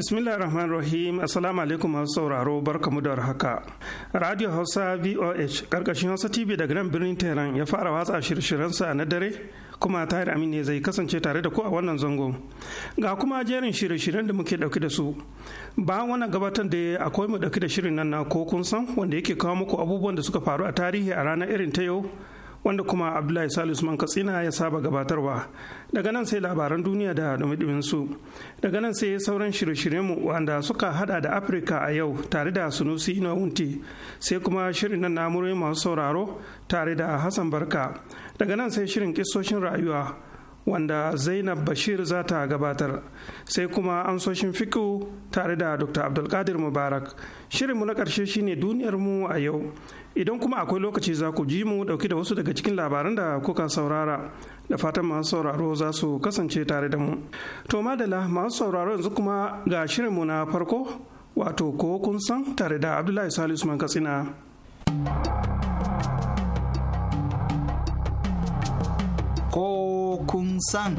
bismillah rahman rahim assalamu alaikum masu sauraro barkamu da haka radio hausa voh karkashin hausa tv daga nan birnin tehran ya fara watsa shirye-shiryensa na dare kuma tahir amin ne zai kasance tare da ku a wannan zango ga kuma jerin shirye-shiryen da muke dauki da su ba wani gabatar da ya akwai mu dauki da shirin nan na ko kun san wanda yake kawo muku abubuwan da suka faru a tarihi a ranar irin ta yau wanda kuma abdullahi salisu man katsina ya saba gabatarwa daga nan sai labaran duniya da dumi su daga nan sai sauran shirye mu wanda suka hada da afirka a yau tare da sunusi wunti sai kuma shirin na namurai masu sauraro tare da hassan barka daga nan sai shirin kisoshin rayuwa wanda zainab bashir za ta gabatar sai kuma amsoshin fiku tare da dr abdulkadir mubarak shirin mu na ƙarshe shine duniyar mu a yau idan kuma akwai lokaci za ku ji mu dauki da wasu daga cikin labaran da kuka saurara da fatan masu sauraro za su kasance tare da mu to madala masu sauraro yanzu kuma ga shirin mu na farko wato ko kun san tare da abdullahi salisu usman katsina ko kun san.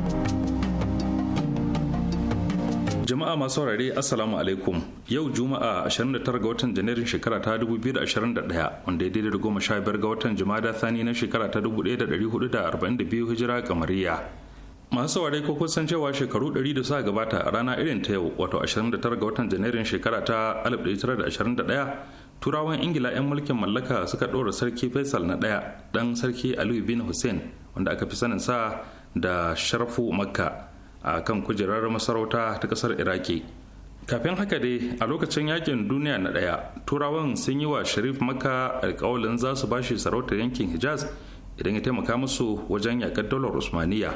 Jama'a masu saurare Assalamu alaikum yau Juma'a 29 ga watan Janairun shekara ta 2021 wanda ya daidai da goma sha biyar ga watan Jumada Thani na shekara ta 1442 hijira kamariya. Masu saurare ko kun cewa shekaru 100 da suka gabata a rana irin ta yau wato 29 ga watan Janairun shekara ta 1921 turawan ingila 'yan mulkin mallaka suka ɗora sarki faisal na ɗaya ɗan sarki aliyu bin hussein wanda aka fi sanin sa da sharafu makka a kan kujerar masarauta ta kasar iraki kafin haka dai a lokacin yakin duniya na daya turawan sun yi wa sharif makka alkawalin za su bashi sarautar yankin hijaz idan ya taimaka musu wajen yakar dalar usmaniya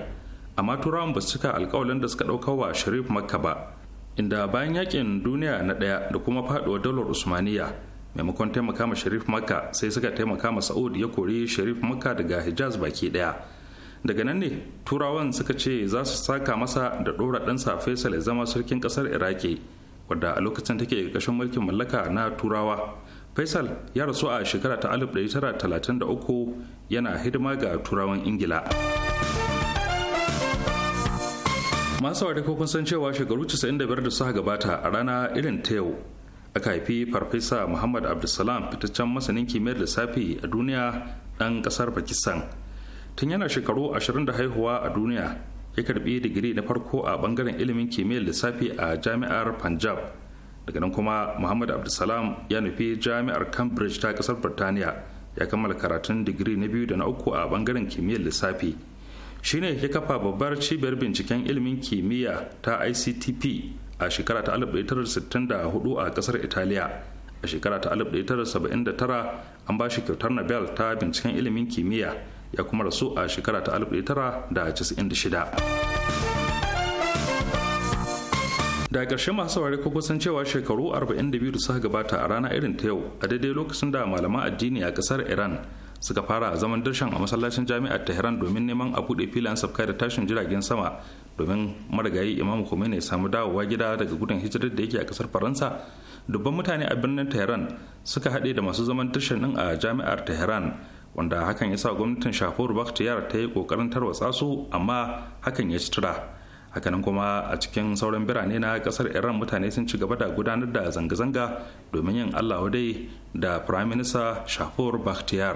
amma turawan ba su cika alkawalin da suka ɗauka wa sharif makka ba inda bayan yakin duniya na daya da kuma faduwar dalar usmaniya maimakon taimaka ma sharif makka sai suka taimaka ma sa'ud ya kori sharif makka daga hijaz baki daya daga nan ne turawan suka ce za su saka masa da ɗora ɗansa faisal ya zama sarkin ƙasar iraki wadda a lokacin take kashin mulkin mallaka na turawa faisal ya rasu a shekara ta 1933 yana hidima ga turawan ingila masu saurari san cewa shekaru 95 da suka gabata a rana irin ta yau aka haifi farfesa muhammad abdulsalam fitaccen masanin kimiyyar lissafi a duniya ɗan ƙasar pakistan tun yana shekaru ashirin da haihuwa a duniya ya karbi digiri na farko a bangaren ilimin kimiyyar lissafi a jami'ar punjab daga nan kuma muhammad abdulsalam ya nufi jami'ar cambridge ta kasar birtaniya ya kammala karatun digiri na biyu da na uku a bangaren kimiyyar lissafi shine ya kafa babbar cibiyar binciken ilimin kimiyya ta ictp a shekara ta 1964 a kasar italiya a shekara ta 1979 an ba shi kyautar nobel ta binciken ilimin kimiyya ya kuma rasu a shekara ta 1996 da ƙarshe masu saurari ko kusan cewa shekaru 42 da suka gabata a rana irin ta yau a daidai lokacin da malaman addini a ƙasar iran suka fara zaman dirshan a masallacin jami'ar tehran domin neman a buɗe filan sabka da tashin jiragen sama domin marigayi imam khomeini ne samu dawowa gida daga gudun hijirar da yake a ƙasar faransa dubban mutane a birnin tehran suka haɗe da masu zaman dirshan ɗin a jami'ar tehran wanda hakan ya sa gwamnatin shafur bakhtiyar ta yi kokarin tarwatsa su amma hakan ya ci tura hakanan kuma a cikin sauran birane na kasar iran mutane sun ci gaba da gudanar da zanga-zanga domin yin allah dai da firaminista shafur bakhtiyar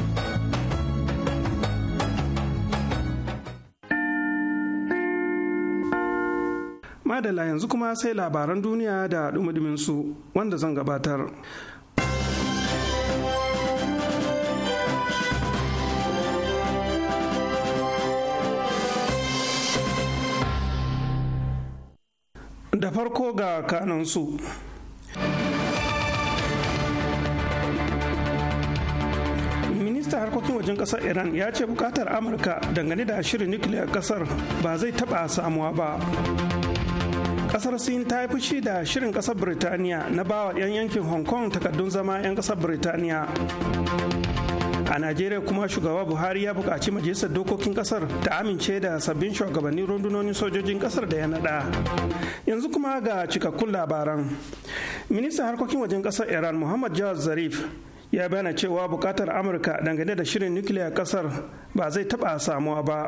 Madala yanzu kuma sai labaran duniya da dumudumin su wanda zan gabatar. Da farko ga kanansu. minista harkokin wajen kasar iran ya ce bukatar amurka dangane da shirin nukiliyar kasar ba zai taba samuwa ba kasar sin ta yi fushi da shirin kasar birtaniya na bawa 'yan yankin hong kong takardun zama 'yan kasar birtaniya a najeriya kuma shugaba buhari ya buƙaci majalisar dokokin kasar ta amince da sabbin shugabannin rundunonin sojojin kasar da ya naɗa yanzu kuma ga cikakkun labaran ministan harkokin wajen kasar iran muhammad jawad zarif ya bayyana cewa buƙatar amurka dangane da shirin nukiliya kasar ba zai taɓa samuwa ba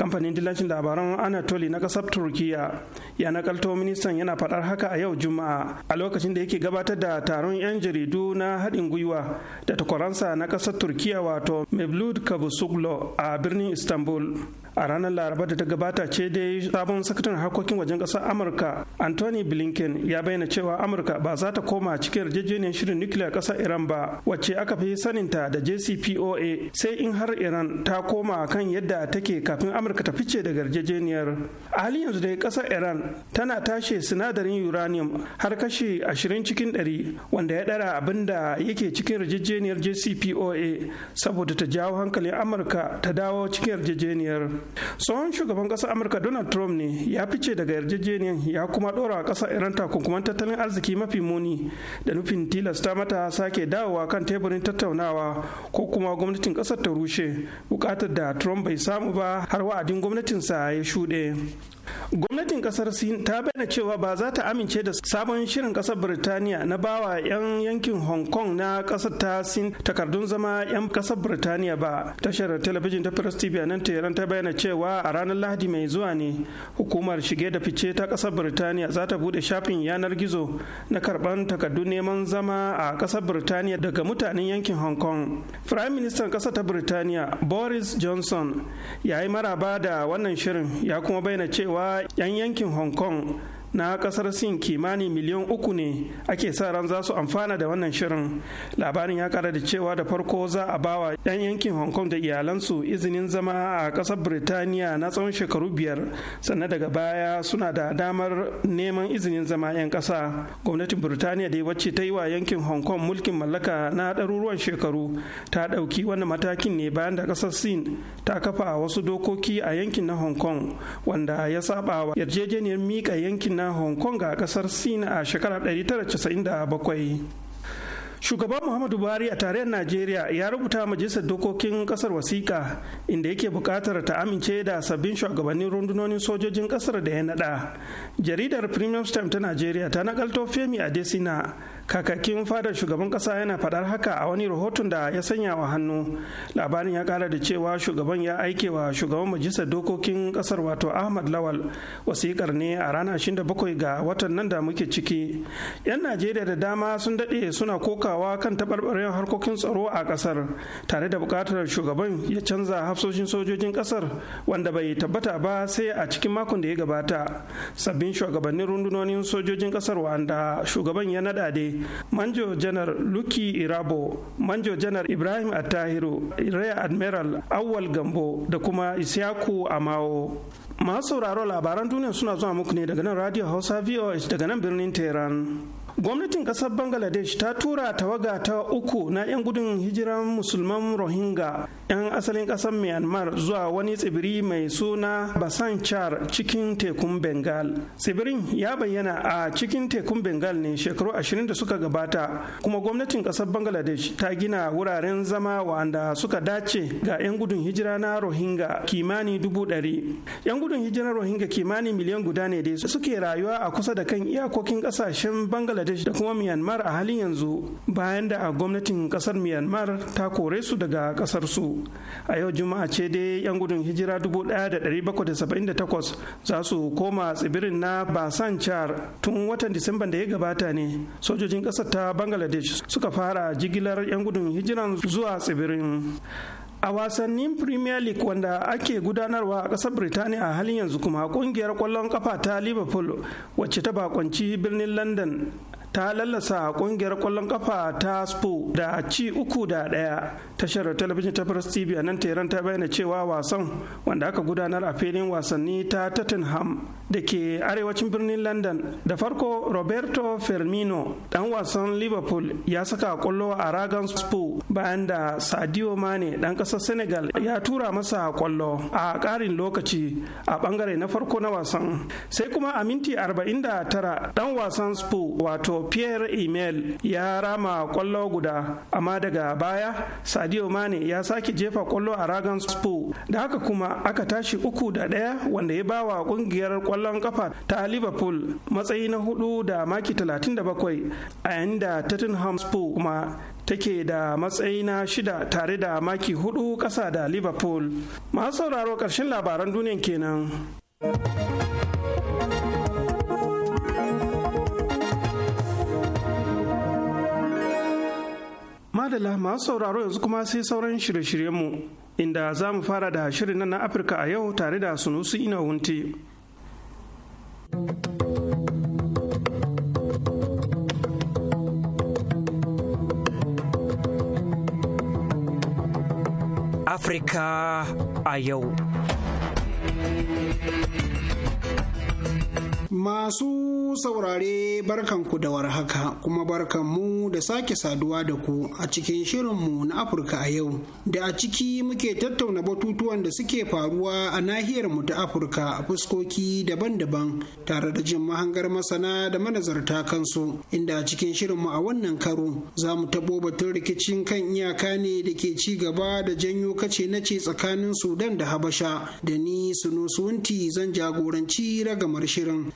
kamfanin dillacin labaran anatoli na kasar turkiya ya nakalto ministan yana faɗar haka a yau juma'a a lokacin da yake gabatar da taron 'yan jaridu na haɗin gwiwa da takwaransa na kasar turkiya wato mevlut kabusuglo a birnin istanbul a ranar laraba da ta gabata ce dai sabon sakataren harkokin wajen ƙasar amurka anthony blinken ya bayyana cewa amurka ba za ta koma cikin yarjejeniyar shirin nukiliya ƙasar iran ba wacce aka fi saninta da jcpoa sai in har iran ta koma kan yadda take kafin amurka ta fice daga yarjejeniyar a halin yanzu dai ƙasar iran tana tashe sinadarin uranium har kashi ashirin cikin ɗari wanda ya ɗara abin da yake cikin yarjejeniyar jcpoa saboda ta jawo hankalin amurka ta dawo cikin yarjejeniyar tsohon shugaban ƙasar amurka donald trump ne ya fice daga yarjejeniyar ya kuma ɗora a ƙasar iran takunkuman tattalin arziki mafi muni da nufin tilasta mata sake dawowa kan teburin tattaunawa ko kuma gwamnatin ƙasar ta rushe buƙatar da trump bai samu ba har wa'adin gwamnatinsa ya shuɗe gwamnatin kasar sin ta bayyana cewa ba za ta amince da sabon shirin kasar birtaniya na bawa 'yan yankin hong kong na kasar ta sin takardun zama 'yan kasar birtaniya ba tashar talabijin ta press tv a nan ta bayyana cewa a ranar lahadi mai zuwa ne hukumar shige da fice ta kasar birtaniya za ta bude shafin yanar gizo na karban takardun neman zama a kasar birtaniya daga mutanen yankin hong kong prime minister kasar ta birtaniya boris johnson ya yi maraba da wannan shirin ya kuma bayyana cewa 我研究香港。na kasar sin kimanin miliyan uku ne ake sa ran za su amfana da wannan shirin labarin ya kara da cewa da farko za a bawa 'yan yankin hong kong da iyalansu izinin zama a kasar birtaniya na tsawon shekaru biyar sannan daga baya suna da damar neman izinin zama 'yan kasa gwamnatin birtaniya da wacce ta yi wa yankin hong kong mulkin mallaka na ɗaruruwan shekaru ta ɗauki wannan matakin ne bayan da kasar sin ta kafa wasu dokoki a yankin na hong kong wanda ya saba wa yarjejeniyar miƙa yankin na hong kong a kasar sin a shekarar 1997 shugaba muhammadu buhari a tarayyar najeriya ya rubuta majalisar dokokin kasar wasiƙa inda yake buƙatar ta amince da sabbin shugabannin rundunonin sojojin kasar da ya naɗa jaridar premium stamp ta najeriya ta nakalto femi adesina kakakin fadar shugaban kasa yana faɗar haka a wani rahoton da ya sanya wa hannu labarin ya kara da cewa shugaban ya aike wa shugaban majalisar dokokin kasar wato ahmad lawal wasikar ne a ranar 27 ga watan nan da muke ciki yan najeriya da dama sun dade suna kokawa kan tabarbarin harkokin tsaro a kasar tare da bukatar shugaban ya canza hafsoshin sojojin kasar wanda bai tabbata ba sai a cikin makon da ya gabata sabbin shugabannin rundunonin sojojin kasar wanda shugaban ya nada dai manjo janar luki irabo manjo janar ibrahim attahiru rear admiral awwal gambo da kuma isyaku amao masu sauraro labaran duniya suna zuwa muku ne daga nan radio hausa vos daga nan birnin tehran gwamnatin kasar bangladesh ta tura tawaga ta uku na 'yan gudun hijiran musulman rohingya 'yan asalin kasar myanmar zuwa wani tsibiri mai suna Basan basanchar cikin tekun bengal tsibirin ya bayyana a cikin tekun bengal ne shekaru ashirin da suka gabata kuma gwamnatin kasar bangladesh ta gina wuraren zama wa'anda suka dace ga 'yan gudun hijira na rohingya kimani dubu ɗari 'yan gudun hijirar rohingya kimani miliyan guda ne dai suke rayuwa a kusa da kan iyakokin ƙasashen bangladesh bangladesh da kuma myanmar a halin yanzu bayan da gwamnatin kasar myanmar ta kore su daga kasar su a yau juma'a ce dai yan gudun hijira 1778 za su koma tsibirin na basan char tun watan disamba da ya gabata ne sojojin kasar ta bangladesh suka fara jigilar yan gudun hijiran zuwa tsibirin a wasannin premier league wanda ake gudanarwa a kasar birtaniya a halin yanzu kuma kungiyar kwallon kafa ta liverpool wacce ta bakonci birnin london ta lallasa kungiyar kwallon kafa ta spo da ci uku da daya tashar talabijin ta first tv a nan teran ta bayyana cewa wasan wanda aka gudanar a filin wasanni ta tottenham da ke arewacin birnin london da farko roberto firmino dan wasan liverpool ya saka kwallo a ragan spo bayan da sadio mane dan kasar senegal ya tura masa kwallo a karin lokaci a bangare na farko na wasan sai kuma a minti 49 dan wasan spo wato pierre Emel ya rama kwallo guda amma daga baya sadio mane ya sake jefa kwallo a ragan spo da haka kuma aka tashi uku da ɗaya wanda ya bawa kungiyar kwallon kafa ta liverpool matsayi na hudu da maki 37 a yayin da tottenham spo kuma take da matsayi na shida tare da maki hudu ƙasa da liverpool masu sauraro ƙarshen labaran duniyan kenan. madala masu sauraro yanzu kuma sai sauran shirye-shiryenmu inda za mu fara da shirin nan na afirka a yau tare da sunusu ina wunti afirka a yau Masu saurare barkanku da warhaka kuma barkanmu da sake saduwa da ku a cikin shirinmu na Afirka a yau da a ciki muke tattauna batutuwan da suke faruwa a nahiyar mu ta Afirka a fuskoki daban-daban tare da jin mahangar masana da manazarta kansu inda a cikin shirin mu a wannan karo za mu tabo batun rikicin kan iyaka ne da ke ci gaba da janyo kace na ce tsakanin Sudan da Habasha da ni Sunusunti zan jagoranci ragamar shirin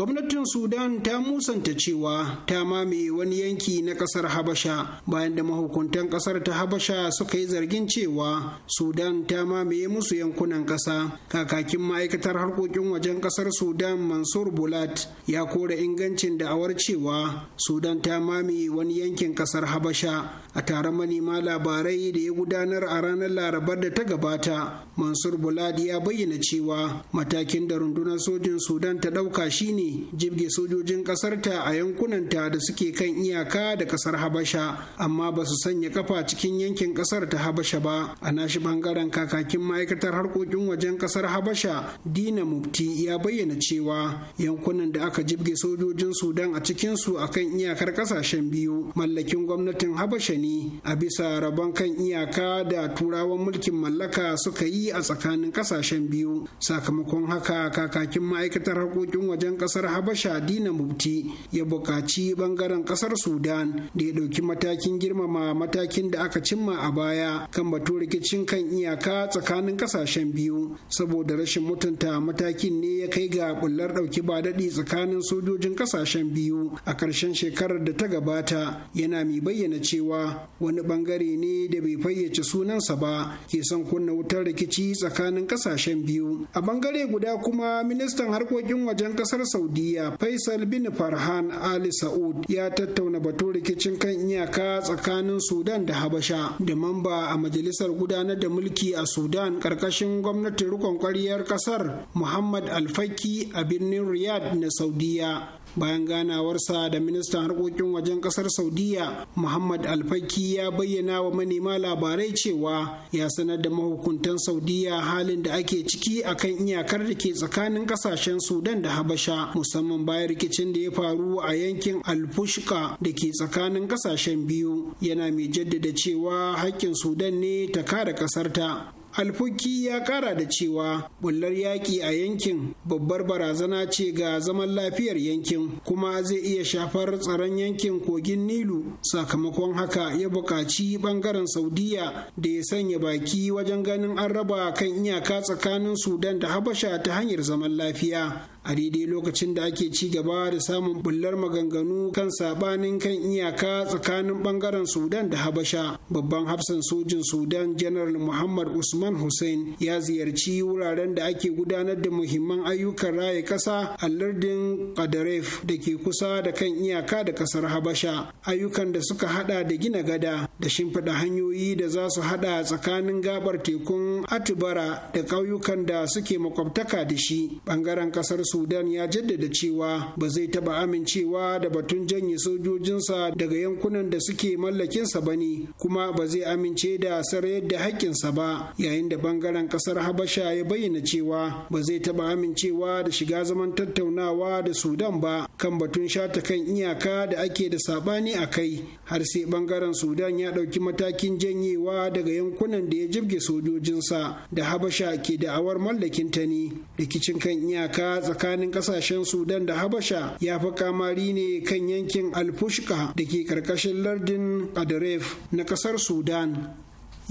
gwamnatin sudan ta musanta cewa ta mamaye wani yanki na kasar habasha bayan da mahukuntan kasar ta habasha suka yi zargin cewa sudan ta mamaye musu yankunan kasa kakakin ma'aikatar harkokin wajen kasar sudan mansur bulat ya kora ingancin da'awar cewa sudan ta mamaye wani yankin kasar habasha a taron manema labarai da ya gudanar a ranar larabar da ta gabata mansur bulat ya bayyana cewa matakin da rundunar sojin sudan ta ɗauka shine jibge sojojin ƙasarta a yankunanta da suke kan iyaka da ƙasar habasha amma ba su sanya kafa cikin yankin ƙasar ta habasha ba a nashi bangaren kakakin ma'aikatar harkokin wajen ƙasar habasha dina mufti ya bayyana cewa yankunan da aka jibge sojojin sudan a cikinsu su akan iyakar ƙasashen biyu mallakin gwamnatin habasha ne a bisa rabon kan iyaka da turawan mulkin mallaka suka yi a tsakanin ƙasashen biyu sakamakon haka kakakin ma'aikatar harkokin wajen ƙasar kasar habasha dina mubti ya buƙaci bangaren kasar sudan da ya ɗauki matakin girmama matakin da aka cimma a baya kan batu rikicin kan iyaka tsakanin kasashen biyu saboda rashin mutunta matakin ne ya kai ga bullar ɗauki ba daɗi tsakanin sojojin kasashen biyu a karshen shekarar da ta gabata yana mai bayyana cewa wani bangare ne da bai fayyace sunansa ba ke son kunna wutar rikici tsakanin kasashen biyu a bangare guda kuma ministan harkokin wajen kasar saudi saudiya faisal bin farhan ali sa'ud ya tattauna batun rikicin kan iyaka tsakanin sudan da habasha da mamba a majalisar gudanar da mulki a sudan karkashin gwamnatin rikon kwaryar kasar muhammad alfaki a birnin riyad na saudiya bayan ganawarsa da ministan harkokin wajen kasar saudiya muhammad alfaki ya bayyana wa manema labarai cewa ya sanar da mahukuntan saudiya halin da ake ciki a kan iyakar da ke tsakanin kasashen sudan da habasha musamman bayan rikicin da ya faru a yankin alfushka da ke tsakanin kasashen biyu yana mai jaddada cewa hakkin sudan ne ta kare kasarta alfuki ya kara da cewa bullar yaƙi a yankin babbar barazana ce ga zaman lafiyar yankin kuma zai iya shafar tsaron yankin kogin nilu sakamakon haka ya buƙaci ɓangaren saudiya da ya sanya baki wajen ganin an raba kan iyaka tsakanin sudan da habasha ta hanyar zaman lafiya a daidai lokacin da ake ci gaba da samun bullar maganganu kan sabanin kan iyaka tsakanin bangaren sudan da habasha babban hafsan sojin sudan general muhammad usman hussein ya ziyarci wuraren da ake gudanar da muhimman ayyukan raye kasa a lardin kadaref da ke kusa da kan iyaka da kasar habasha ayyukan da suka hada da gina gada da shimfiɗa hanyoyi da za su hada tsakanin gabar tekun Atibara da ƙauyukan da suke makwabtaka da shi bangaren kasar sudan ya jaddada cewa ba zai taba amincewa da batun janye sojojinsa daga yankunan da suke mallakinsa ba ne kuma ba zai amince da sarayar da haƙƙinsa ba yayin da bangaren ƙasar habasha ya bayyana cewa ba zai taba amincewa da shiga zaman tattaunawa da sudan ba kan batun shata kan iyaka da ake da sabani a kai har sai bangaren sudan ya ɗauki matakin janyewa daga yankunan da ya jibge sojojinsa da habasha ke da'awar mallakinta ne rikicin kan iyaka tsakanin kasashen sudan da habasha ya fi kamari ne kan yankin alfushka da ke karkashin lardin adref na kasar sudan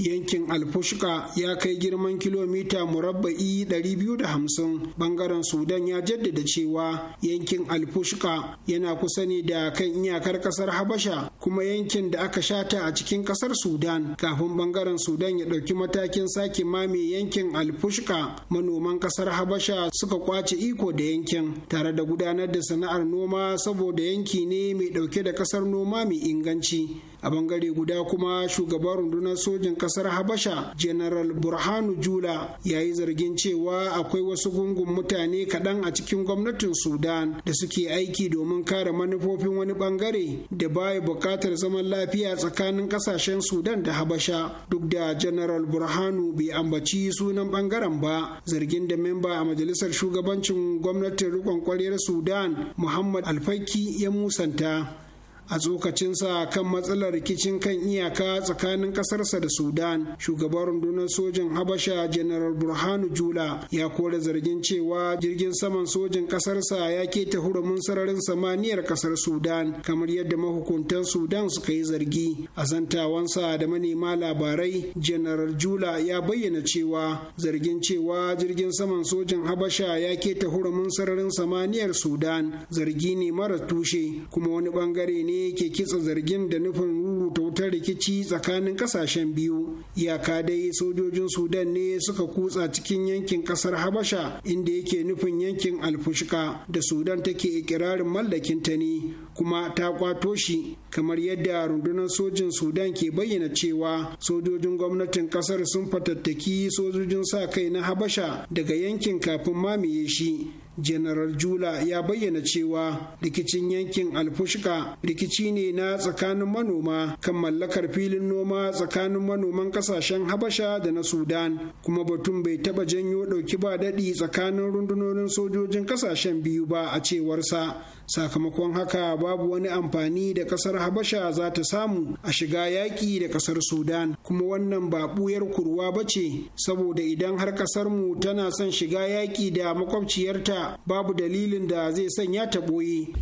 yankin alfushka ya kai girman kilomita murabba'i 250 bangaren sudan ya jaddada cewa yankin alfushka yana kusa ne da kan iyakar kasar habasha kuma yankin da aka shata a cikin kasar sudan kafin bangaren sudan ya ɗauki matakin sake mame yankin alfushka manoman kasar habasha suka kwace iko da yankin tare da gudanar da sana'ar noma saboda yanki ne mai ɗauke da kasar noma mai inganci a bangare guda kuma shugaban rundunar sojin kasar habasha general burhanu jula ya yi zargin cewa akwai wasu gungun mutane kaɗan a cikin gwamnatin sudan da suke aiki domin kare manufofin wani bangare da baya buƙatar zaman lafiya tsakanin ƙasashen sudan da habasha duk da general burhanu bai ambaci sunan bangaren ba zargin da memba a majalisar shugabancin gwamnatin riƙon kwaryar sudan muhammad alfaki ya musanta a tsokacinsa kan matsalar rikicin kan iyaka tsakanin ƙasarsa da sudan shugaban rundunar sojin habasha general burhanu jula ya kore zargin cewa jirgin saman sojin ƙasarsa ya ke ta hurumin sararin samaniyar ƙasar sudan kamar yadda mahukuntan sudan suka yi zargi a zantawansa da manema labarai general jula ya bayyana cewa zargin cewa jirgin saman sojin habasha ya ta hurumin sararin samaniyar sudan zargi ne mara tushe kuma wani bangare ne ne kitsa zargin da nufin rubuta wutar rikici tsakanin kasashen biyu iyaka dai sojojin sudan ne suka kutsa cikin yankin kasar habasha inda yake nufin yankin alfushka da sudan take ikirarin mallakin ta ne kuma ta kwato shi kamar yadda rundunar sojin sudan ke bayyana cewa sojojin gwamnatin kasar sun fatattaki sojojin sa kai na habasha daga yankin kafin mamaye shi general jula ya bayyana cewa rikicin yankin alfushka rikici ne na tsakanin manoma kan mallakar filin noma tsakanin manoman kasashen habasha da na sudan kuma batun bai taba janyo ɗauki ba daɗi tsakanin rundunonin sojojin kasashen biyu ba a cewarsa sakamakon haka babu wani amfani da kasar habasha za ta samu a shiga yaƙi da kasar sudan kuma wannan ba ɓuyar kurwa ba ce saboda idan har mu tana son shiga yaƙi da makwabciyarta babu dalilin da zai sanya ta ɓoye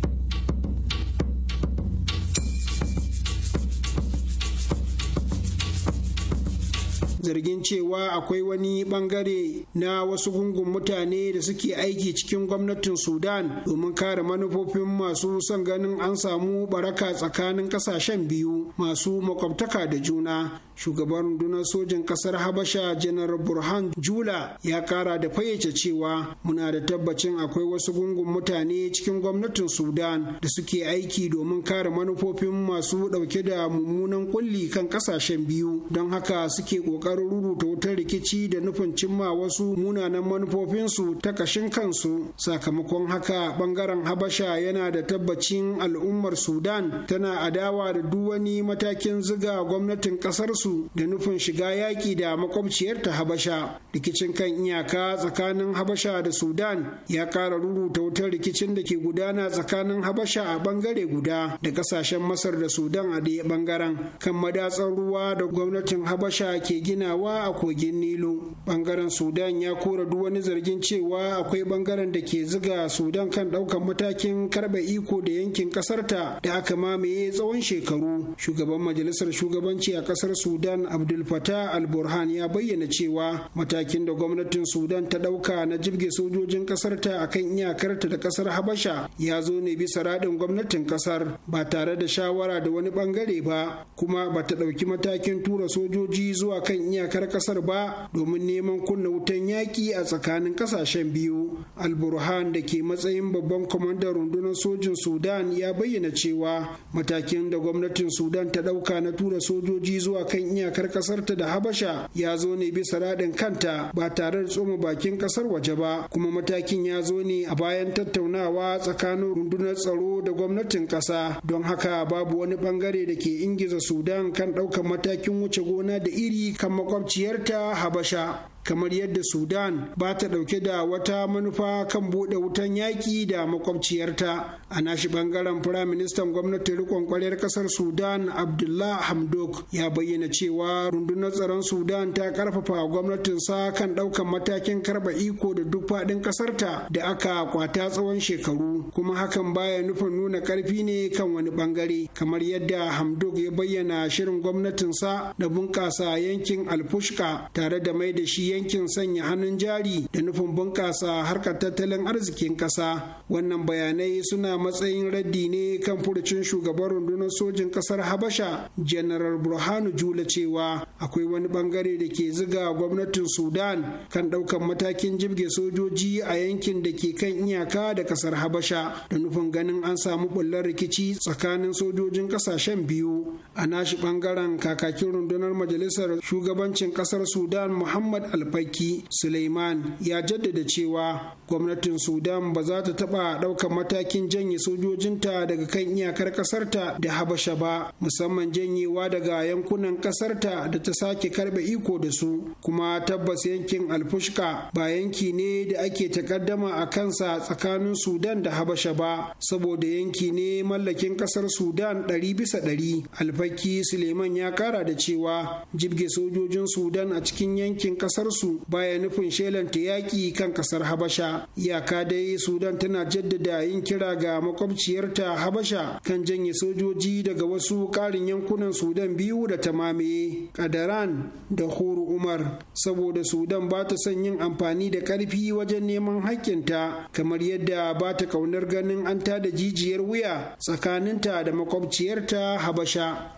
zargin cewa akwai wani bangare na wasu gungun mutane da suke aiki cikin gwamnatin sudan domin kare manufofin masu son ganin an samu baraka tsakanin kasashen biyu masu makwabtaka da juna shugaban rundunar sojin kasar habasha janar burhan jula ya kara da fayyace cewa muna da tabbacin akwai wasu gungun mutane cikin gwamnatin sudan da suke aiki domin kare manufofin masu dauke da mummunan kulli kan kasashen biyu don haka suke kokarin rubuta wutar rikici da nufin cimma wasu munanan manufofinsu ta kashin kansu sakamakon haka bangaren habasha yana da tabbacin al'ummar sudan tana adawa da duwani matakin ziga gwamnatin kasarsu da nufin shiga yaƙi da makwabciyarta habasha rikicin kan iyaka tsakanin habasha da sudan ya ƙara rubuta wutar rikicin da ke gudana tsakanin habasha a bangare guda da ƙasashen masar da sudan a ɗaya bangaren kan madatsar ruwa da gwamnatin habasha ke gina ginawa a kogin nilu bangaren sudan ya kora duk wani zargin cewa akwai bangaren da ke ziga sudan kan daukan matakin karbe iko da yankin kasarta da aka mamaye tsawon shekaru shugaban majalisar shugabanci a kasar sudan abdul fatah al burhan ya bayyana cewa matakin da gwamnatin sudan ta dauka na jibge sojojin kasarta kan iyakarta da kasar habasha ya zo ne bisa radin gwamnatin kasar ba tare da shawara da wani bangare ba kuma ba ta dauki matakin tura sojoji zuwa kan iyakar kasar ba domin neman kunna wutan yaƙi a tsakanin kasashen biyu alburhan da ke matsayin babban kwamandan rundunar sojin sudan ya bayyana cewa matakin da gwamnatin sudan ta ɗauka na tura sojoji zuwa kan iyakar kasarta da habasha ya zo ne bisa raɗin kanta ba tare da tsoma bakin kasar waje ba kuma matakin ya zo ne a bayan tattaunawa tsakanin rundunar tsaro da gwamnatin ƙasa don haka babu wani bangare da ke ingiza sudan kan ɗaukar matakin wuce gona da iri kan makwabciyarta habasha kamar yadda Sudan ba ta ɗauke da wata manufa kan buɗe wutan yaƙi da makwabciyarta. A nashi ɓangaren Firaministan gwamnatin rikon kwarar ƙasar Sudan Abdullah Hamdok ya bayyana cewa rundunar tsaron Sudan ta ƙarfafa gwamnatinsa kan ɗaukan matakin karɓa iko da duk faɗin ƙasarta da aka kwata tsawon shekaru kuma hakan baya nufin nuna ƙarfi ne kan wani bangare, kamar yadda Hamdok ya bayyana shirin gwamnatinsa da bunƙasa yankin Alfushka tare da mai da shi ya yankin sanya hannun jari da nufin bunƙasa harkar tattalin arzikin ƙasa wannan bayanai suna matsayin raddi ne kan furucin shugaban rundunar sojin ƙasar habasha janaral burhanu jula cewa akwai wani bangare da ke ziga gwamnatin sudan kan ɗaukar matakin jibge sojoji a yankin da ke kan iyaka da ƙasar habasha da nufin ganin an samu bullar rikici tsakanin sojojin ƙasashen biyu a nashi ɓangaren kakakin rundunar majalisar shugabancin ƙasar sudan muhammad alfaki suleiman ya jaddada cewa gwamnatin sudan ba za ta taɓa ɗaukar matakin janye sojojinta daga kan iyakar ƙasarta da habasha ba musamman janyewa daga yankunan ƙasarta da ta sake karɓe iko da su kuma tabbas yankin alfushka ba yanki ne da ake takaddama a kansa tsakanin sudan da habasha ba saboda yanki ne mallakin ƙasar sudan ɗari bisa ɗari alfaki suleiman ya ƙara da cewa jibge sojojin sudan a cikin yankin ƙasar wasu bayan nufin shelanta yaƙi kan ƙasar Habasha. Iyaka dai Sudan tana jaddada yin kira ga makwabciyarta Habasha kan janye sojoji daga wasu ƙarin yankunan Sudan biyu da ta mamaye, Kadaran da horo Umar, saboda Sudan ba ta son yin amfani da ƙarfi wajen neman haƙƙinta kamar yadda ba ta ƙaunar ganin an tada jijiyar wuya tsakaninta da makwabciyarta Habasha.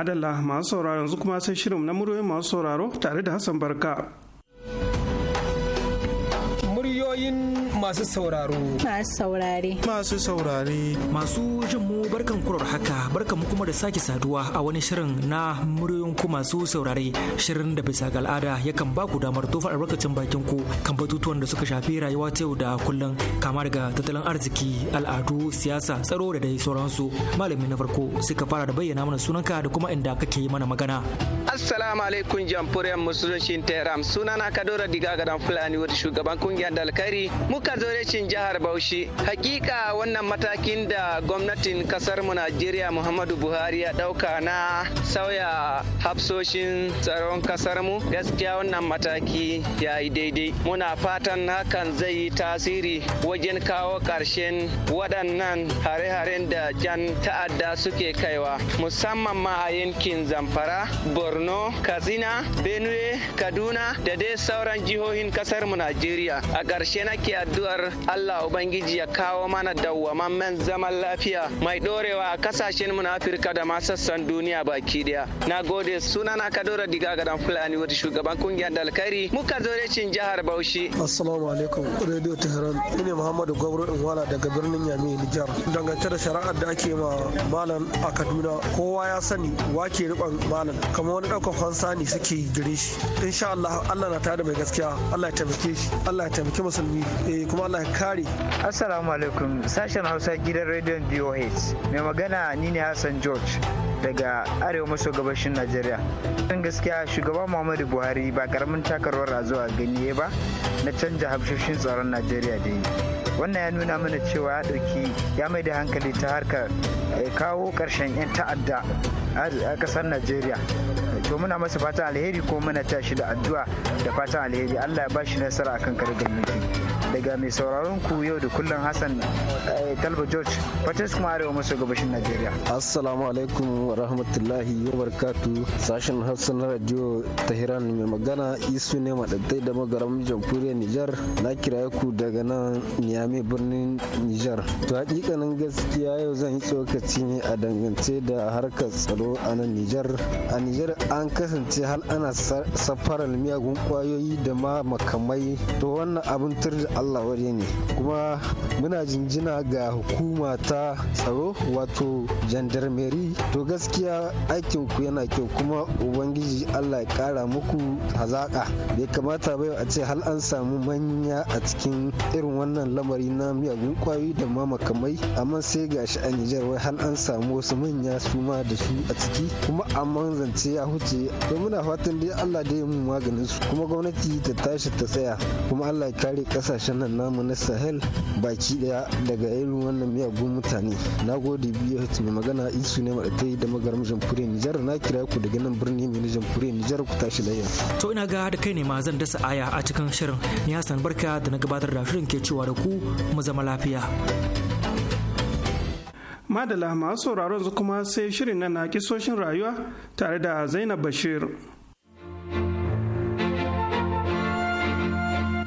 adalla masu sauraro yanzu kuma sai shirin na muryoyin masu sauraro tare da hassan barka muryoyin masu sauraro. Masu saurare. Masu saurare. Masu jin mu barkan kurar haka barkan mu kuma da sake saduwa a wani shirin na muryoyin ku masu saurare shirin da bisa ga al'ada yakan ba ku damar tofa albarkacin bakin ku kan batutuwan da suka shafi rayuwa ta yau da kullum kama daga tattalin arziki al'adu siyasa tsaro da dai sauransu malami na farko suka fara da bayyana mana sunanka da kuma inda kake mana magana. Assalamu alaikum jamhuriyar musulunci Tehran sunana Kadora Diga Gadan Fulani wata shugaban kungiyar dalkari mu muka kazorecin jihar Bauchi. Hakika wannan matakin da gwamnatin kasar mu Najeriya Muhammadu Buhari ya dauka na sauya hafsoshin tsaron kasar mu gaskiya wannan mataki ya yi daidai. Muna fatan hakan zai yi tasiri wajen kawo ƙarshen waɗannan hare-haren da jan ta'adda suke kaiwa musamman ma a yankin Zamfara, Borno, Katsina, Benue, Kaduna da dai sauran jihohin kasar mu Najeriya. A ƙarshe nake addu'a addu'ar Allah Ubangiji ya kawo mana dawwamammen zaman lafiya mai dorewa a kasashen mu na Afirka da ma sassan duniya baki daya. Na gode sunana Kadora Diga Gadan Fulani wata shugaban kungiyar Dalkari muka zo cin jihar Bauchi. Assalamu alaikum Radio Tehran ne Muhammadu Gwabro Inwala daga birnin Yami Nijar. Dangance da shari'ar da ake ma malam a Kaduna kowa ya sani wake riƙon malam kamar wani ɗaukar fansa ne suke gire shi. Insha Allah Allah na tada mai gaskiya Allah ya taimake shi Allah ya taimake musulmi. Eh, kuma Allah kare assalamu alaikum sashen hausa gidan rediyon voh mai magana ni ne hassan george daga arewa maso gabashin najeriya don gaskiya shugaban muhammadu buhari ba karamin takarwar a zuwa ganiye ba na canja hafshoshin tsaron najeriya da yi wannan ya nuna mana cewa ya ɗauki ya mai da hankali ta harkar eh, kawo ƙarshen 'yan ta'adda a ƙasar najeriya to muna masa fatan alheri ko muna tashi da addu'a da fatan alheri allah ya ba shi nasara akan kare ganyaki daga mai sauraron ku yau da kullum hassan eh, talba george fatis kuma arewa maso gabashin najeriya assalamu alaikum wa rahmatullahi wa barakatu sashen hassan radio tahiran mai magana isu ne maɗaɗai da magaram jamhuriyar nijar na kiraye ku daga nan niyame birnin nijar to hakikanin gaskiya yau zan yi tsokaci ne a dangance da harkar tsaro a nan nijar a nijar an kasance hal ana safarar miyagun kwayoyi da ma makamai to wannan abin tur allah wari ne kuma muna jinjina ga hukuma ta tsaro wato jandarmeri to gaskiya aikin ku yana kyau kuma ubangiji allah ya kara muku hazaka bai kamata bai a ce hal an samu manya a cikin irin wannan lamari na miyagun kwayoyi da ma makamai amma sai ga shi a nijar wai hal an samu wasu manya su ma da su a ciki kuma amma zance ya huce to muna fatan dai allah da ya mu maganin su kuma gwamnati ta tashi ta tsaya kuma allah ya kare kasashen kasashen namu na sahel baki daya daga irin wannan miyagun mutane na gode biyu mai magana isu ne maɗatai da magaram jamhuriyar nijar na kira ku daga nan birni mai na nijar ku tashi lafiya to ina ga da kai ne ma zan dasa aya a cikin shirin ni hasan barka da na gabatar da shirin ke cewa da ku mu zama lafiya madala masu sauraron kuma sai shirin na na kisoshin rayuwa tare da zainab bashir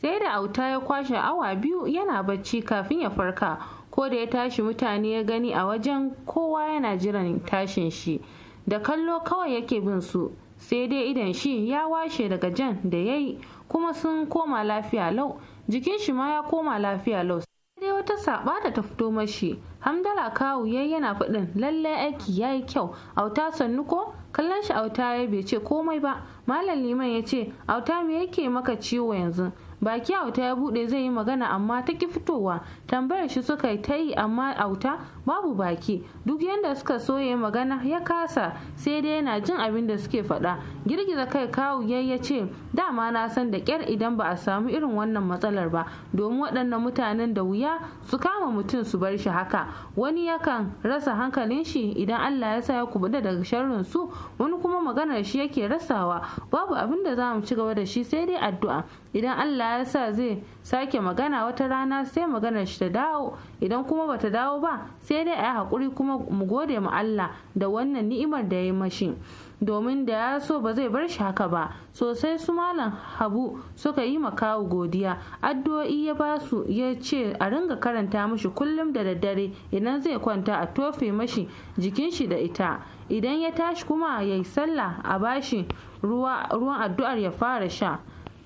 sai da auta ya kwashe awa biyu yana bacci kafin ya farka ko da ya tashi mutane ya gani a wajen kowa yana jiran tashin shi da kallo kawai yake bin su sai dai idan shi ya washe daga jan da ya kuma sun koma lafiya lau jikin shi ma ya koma lafiya lau sai dai wata saba da ta fito mashi hamdala kawu yayi yana faɗin lallai aiki yayi kyau auta sannu ko kallon shi auta ya bai ce komai ba malam liman ya ce auta me yake maka ciwo yanzu baki auta ya bude zai yi magana amma ta ki fitowa tambayar shi suka yi ta yi amma auta babu baki duk yadda suka so magana ya kasa sai dai yana jin abin da suke faɗa girgiza kai kawu yayi ya ce dama na san da ƙyar idan ba a samu irin wannan matsalar ba domin waɗannan mutanen da wuya su kama mutum su bar shi haka wani yakan rasa hankalin shi idan Allah ya sa ya kubuta daga sharrin su wani kuma maganar shi yake rasawa babu abin da za mu ci gaba da shi sai dai addu'a idan Allah ya sa zai sake magana wata rana sai magana shi ta dawo idan kuma bata dawo ba sai dai a yi hakuri kuma mu gode mu allah da wannan ni'imar da ya yi mashi domin da ya so ba zai bar shi haka ba sosai su malam habu suka yi makawu godiya addu'o'i ya ba su ya ce a ringa karanta mashi kullum da daddare idan zai kwanta a tofe mashi jikin shi da ita idan ya tashi kuma ya yi sallah a bashi ruwan addu'ar ya fara sha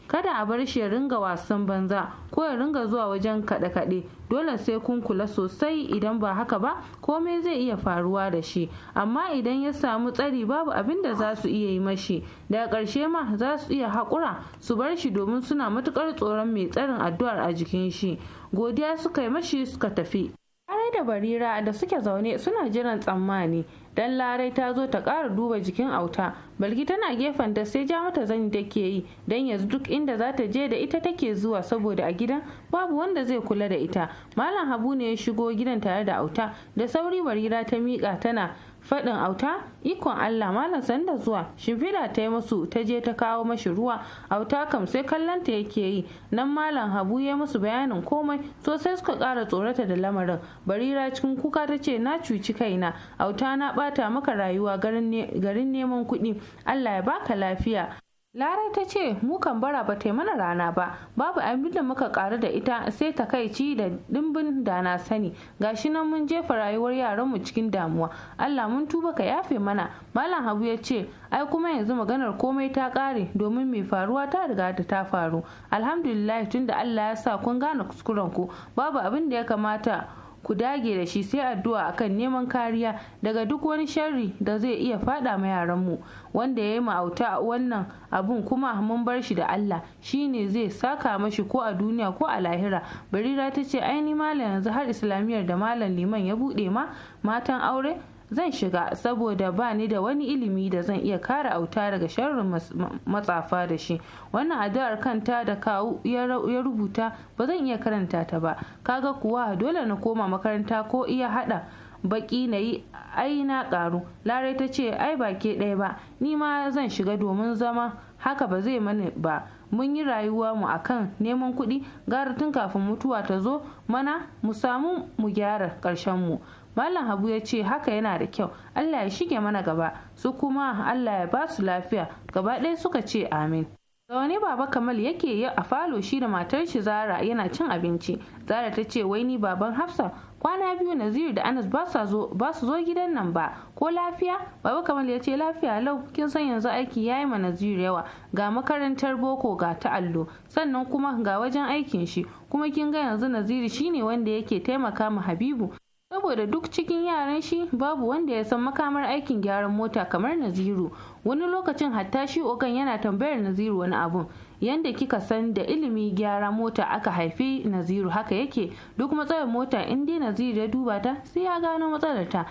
kada a bar shi ya ringa wasan banza ko ya ringa zuwa wajen kaɗe-kaɗe dole sai kun kula sosai idan ba haka ba komai zai iya faruwa da shi amma idan ya samu tsari babu abin da za su iya yi mashi daga ƙarshe ma za su iya haƙura su bar shi domin suna matuƙar tsoron mai tsarin addu'ar a jikin shi godiya suka yi mashi suka tafi. da barira da suke zaune suna jiran tsammani dan larai ta zo ta ƙara duba jikin auta balki tana gefen ta sai ja mata zani take yi dan yanzu duk inda za ta je da ita take zuwa saboda a gidan babu wanda zai kula da ita malam habu ne ya shigo gidan tare da auta da sauri barira ta miƙa tana faɗin auta ikon allah malam sanda zuwa Shimfida ta yi musu ta je ta kawo mashi ruwa auta kam sai kallonta yake yi nan malam habu ya musu bayanin komai sosai suka ƙara tsorata da lamarin barira cikin kuka ta ce na cuci kaina auta na ɓata maka rayuwa garin neman kuɗi allah ya baka lafiya larai ta ce mu kan bara ba ta mana rana ba babu abin da muka karu da ita sai ci da dimbin da na sani gashi nan mun jefa rayuwar yaranmu cikin damuwa allah mun tuba ka yafe mana malam habu ya ce ai kuma yanzu maganar komai ta kare domin mai faruwa ta riga da ta faru alhamdulillah tunda allah ya sa kun gane kuskuren ku babu abin da ya kamata ku dage da shi sai addu'a akan neman kariya daga duk wani sharri da zai iya fada ma yaranmu wanda ya yi ma'auta wannan abun kuma mun bar shi da Allah shine zai saka mashi ko a duniya ko a lahira barira ta ce ai ni malam yanzu har islamiyar da malam liman ya buɗe ma matan aure zan shiga saboda ba ni da wani ilimi da zan iya kare auta daga sharrin matsafa da shi wannan addu'ar kanta da kawu ya rubuta ba zan iya karanta ta ba kaga kuwa dole na koma makaranta ko iya hada baki na yi ai na karu larai ta ce ai ba ke ɗaya ba ni ma zan shiga domin zama haka ba zai mani ba mun yi rayuwa mu akan neman kuɗi gara tun kafin mutuwa ta zo mana mu samu mu gyara ƙarshen mu malam habu ya ce haka yana da kyau allah ya shige mana gaba su kuma allah ya ba su lafiya gaba ɗaya suka ce amin da wani baba kamal yake yi a falo shi da matar shi zara yana cin abinci zara ta ce wai ni baban hafsa kwana biyu naziru da anas ba su zo gidan nan ba ko lafiya baba kamal ya ce lafiya lau kin san yanzu aiki ya yi ma naziru yawa ga makarantar boko ga ta allo sannan kuma ga wajen aikin shi kuma kin ga yanzu naziru shine wanda yake taimaka ma habibu saboda duk cikin yaran shi babu wanda ya san makamar aikin gyaran mota kamar naziru wani lokacin hatta shi ogan yana tambayar naziru wani abun yanda kika san da ilimi gyara mota aka haifi naziru haka yake duk matsalar mota in dai naziru ya duba ta sai ya gano matsalar ta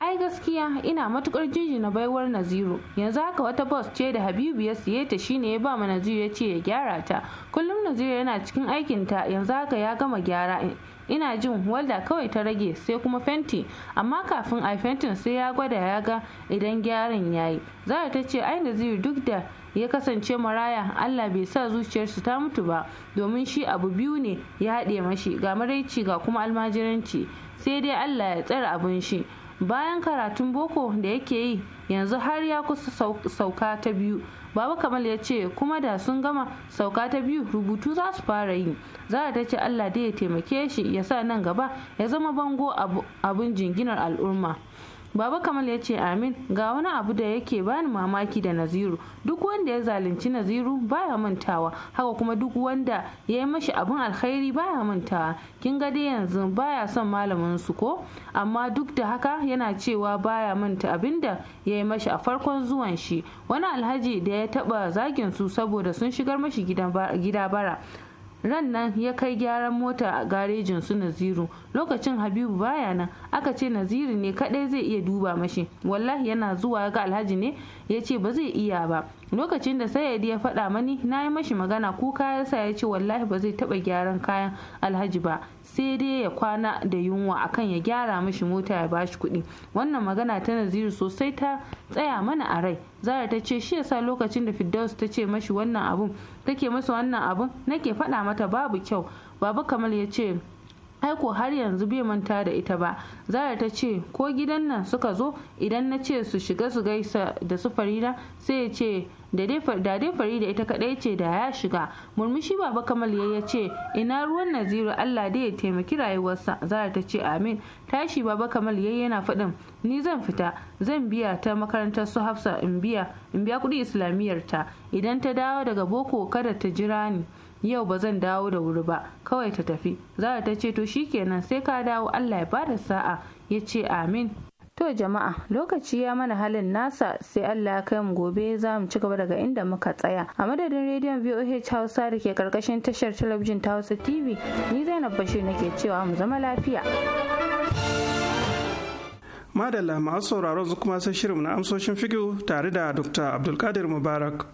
ai gaskiya ina matukar jijina baiwar naziru yanzu haka wata bus ce da habibu ya siye ta shine ya ba ma naziru ya ce ya gyara ta kullum naziru yana cikin aikin ta yanzu haka ya gama gyara ina jin walda kawai ta rage sai kuma fenti amma kafin a fentin sai ya gwada ya ga idan gyaran ya yi zara ta ce ai naziru duk da ya kasance maraya allah bai sa zuciyarsu ta mutu ba domin shi abu biyu ne ya haɗe mashi ga maraici ga kuma almajiranci sai dai allah ya tsara abin shi bayan karatun boko da yake yi yanzu har ya kusa sauka ta biyu baba kamal ya ce kuma da sun gama sauka ta biyu rubutu za su fara yi zara ta ce allah dai ya taimake shi ya sa nan gaba ya zama bango abin jinginar al'umma baba kamal ya ce amin ga wani abu da yake bani mamaki da naziru duk wanda ya zalunci naziru baya mantawa haka kuma duk wanda ya yi mashi abin alkhairi baya mantawa kin ga dai yanzu baya son malamin su ko amma duk da haka yana cewa baya manta abin da ya yi mashi a farkon zuwan shi wani alhaji da ya taba zagin su saboda sun shigar mashi gida bara ran nan ya kai gyaran mota a garejin su naziru lokacin habibu baya nan aka ce naziru ne kadai zai iya duba mashi wallahi yana zuwa ga alhaji ne ya ce ba zai iya ba lokacin da sayyid ya faɗa mani na yi mashi magana kuka ya sa ya ce wallahi ba zai taɓa gyaran kayan alhaji ba sai dai ya kwana da yunwa akan ya gyara mashi mota ya bashi kuɗi wannan magana ta naziru sosai ta tsaya mana a rai zara ta ce shi yasa lokacin da firdaus ta ce mashi wannan abun take masa wannan abun nake faɗa mata babu kyau babu kamal ya ce aiko har yanzu bai manta da ita ba zara ta ce ko gidan nan suka zo idan na ce su shiga su gaisa da su farida sai ya ce da dai farida ita kadai ce da ya shiga murmushi baba kamal ya ce ina ruwan naziru allah dai ya taimaki rayuwarsa zara ta ce amin tashi baba kamal yayi yana faɗin ni zan fita zan biya ta makarantar su hafsa in biya biya kuɗi idan ta dawo daga boko kada ta jira ni yau ba zan dawo da wuri ba kawai ta tafi zara ta ce to shi kenan sai ka dawo allah ya bada sa'a ya ce amin to jama'a lokaci ya mana halin nasa sai allah ya kai mu gobe za mu ci gaba daga inda muka tsaya a madadin rediyon voh hausa da ke karkashin tashar talabijin ta hausa tv ni zainab bashir nake cewa mu zama lafiya madalla masu sauraron kuma sai shirin na amsoshin fikiyu tare da dr abdulkadir mubarak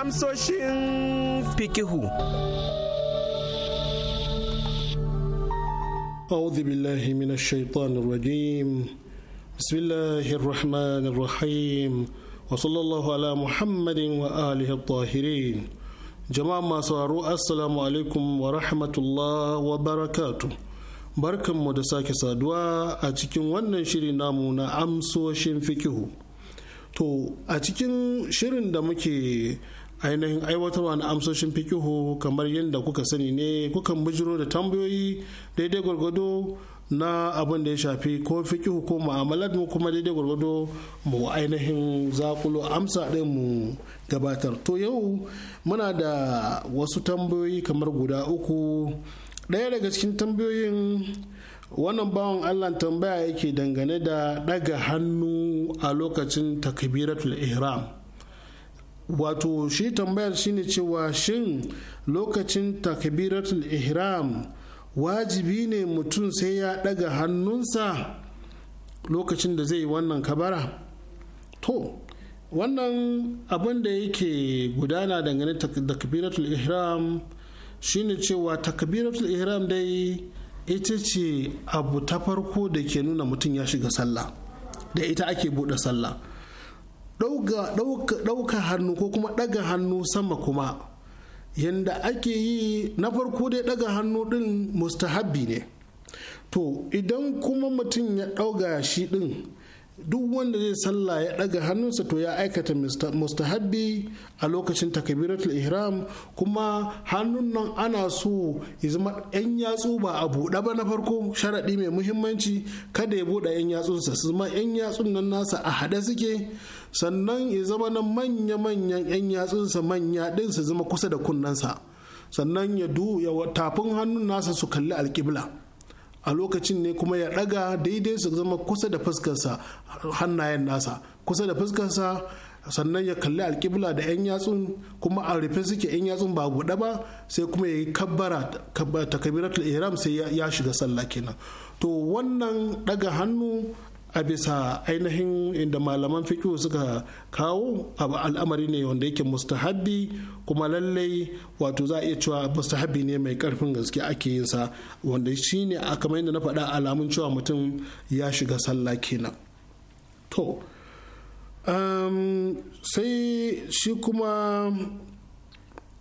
amsoshin fikihu. Audu billahi mina shaitanin rajim, bismillahi rahman rahim, wa sallallahu ala muhammadin wa jama'a masu haru assalamu alaikum wa rahmatullah wa barakatu. da sake saduwa a cikin wannan shiri namu na amsoshin fikihu. To, a cikin shirin da muke ainihin aiwatarwa na amsoshin fikihu kamar yadda kuka sani ne kukan bujiro da tambayoyi daidai gwargwado na abin da ya shafi ko fikihu ko ma'amalar mu kuma daidai gwargwado mu ainihin zakulo amsa ɗin mu gabatar to yau muna da wasu tambayoyi kamar guda uku ɗaya daga cikin tambayoyin wannan bawan allah tambaya yake dangane da ɗaga hannu a lokacin takbiratul ihram wato shi tambayar shine cewa shin lokacin takbiratul ihram wajibi ne mutum sai ya daga hannunsa lokacin da zai yi wannan kabara to wannan abin da yake gudana dangane da kabiratul ihram shine cewa takbiratul ihram dai ita ce abu ta farko da ke nuna mutum ya shiga sallah da ita ake buɗe sallah ɗauka hannu ko kuma ɗaga hannu sama kuma yanda ake yi na farko dai ɗaga hannu ɗin mustahabbi ne to idan kuma mutum ya ɗauga shi ɗin duk wanda zai sallah ya ɗaga hannunsa to ya aikata mustahabbi a lokacin takabiratul ihram kuma hannun nan ana so ya zama yan yatsu ba a buɗe ba na farko sharaɗi mai muhimmanci kada ya buɗe yan yatsunsa su zama yan yatsun nan nasa a haɗe suke sannan ya zama na manya-manyan 'yan yatsunsa manya ɗin su zama kusa da kunnensa sannan ya ya tafin hannun nasa su kalli alkibla a lokacin ne kuma ya ɗaga daidai su zama kusa da fuskarsa hannayen nasa kusa da fuskarsa sannan ya kalli alkibla da 'yan yatsun kuma a rufe suke 'yan yatsun ba buɗe ba sai kuma ya yi kabbara takabiratul ihram sai ya shiga sallah kenan to wannan ɗaga hannu a bisa ainihin inda malaman fiki suka kawo abu al'amari ne wanda yake mustahabbi kuma lallai wato za a iya cewa mustahabi ne mai karfin gaske ake yin sa wanda shi ne a kamar yadda na faɗa alamun cewa mutum ya shiga sallah kenan to um, sai shi kuma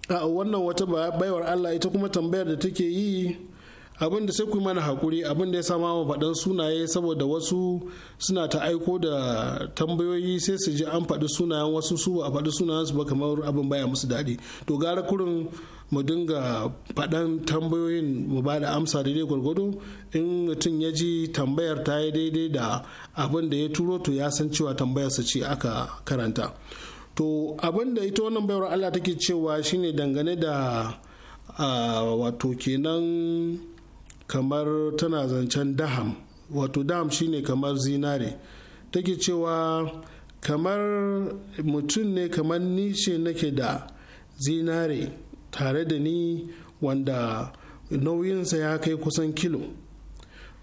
a wannan wata baiwar allah ita kuma tambayar da take yi abin da sai ku mana hakuri abin da ya sama wa faɗan sunaye saboda wasu suna ta aiko da tambayoyi sai su ji an faɗi sunayen wasu su a faɗi sunayen su ba kamar abin baya musu daɗi to gara kurin mu dinga faɗan tambayoyin mu ba da amsa daidai gwargwado in mutum ya ji tambayar ta yi daidai da abin da ya turo to ya san cewa tambayarsa ce aka karanta to abin da ita wannan bayar Allah take cewa shine dangane da ah, wato kenan kamar tana zancen daham wato daham shine kamar zinare take cewa kamar mutum ne kamar nishe nake da zinare tare da ni wanda nauyinsa ya kai kusan kilo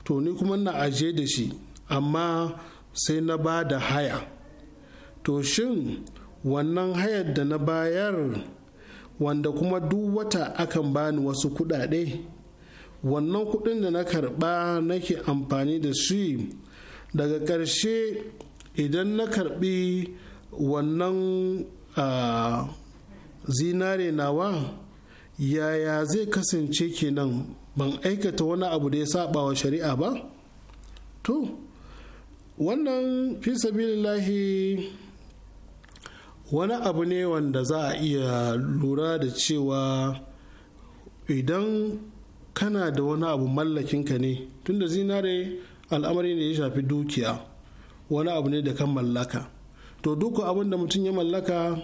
to ni kuma na ajiye da shi amma sai na ba da haya to shin wannan hayar da na bayar wanda kuma duk wata akan bani wasu kudade wannan kuɗin da na karɓa nake amfani da su daga ƙarshe idan na karɓi wannan zinare nawa yaya zai kasance kenan ban aikata wani abu da ya saba wa shari'a ba to wannan fi sabilillahi wani abu ne wanda za a iya lura da cewa idan kana da wani abu mallakinka ne tunda zinare al'amari ne ya shafi dukiya wani abu ne da kan mallaka to duka abin da mutum ya mallaka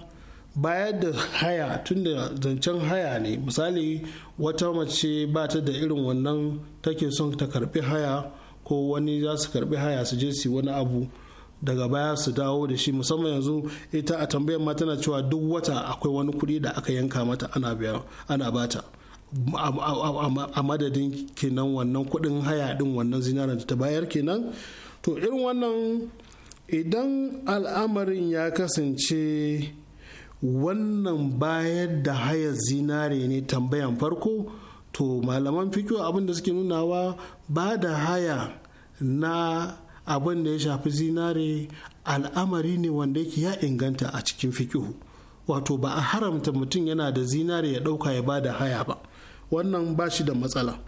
bayar da haya tunda zancen haya ne misali wata mace ba ta da irin wannan take son ta karbi haya ko wani za su karbi haya su je su wani abu daga baya su dawo da shi musamman yanzu ita a tambayar ma tana cewa duk wata akwai wani kuɗi da aka yanka mata ana ana bata a madadin kenan wannan kudin haya din wannan zinaran ta bayar kenan to irin wannan idan al'amarin ya kasance wannan bayar da haya zinare ne tambayan farko to malaman fikiyo abin da suke nunawa ba da haya na abin da ya shafi zinare al'amari ne wanda yake ya inganta a cikin fikiyo wato ba a haramta mutum yana da zinare ya ɗauka ya ba da haya ba wannan ba shi da matsala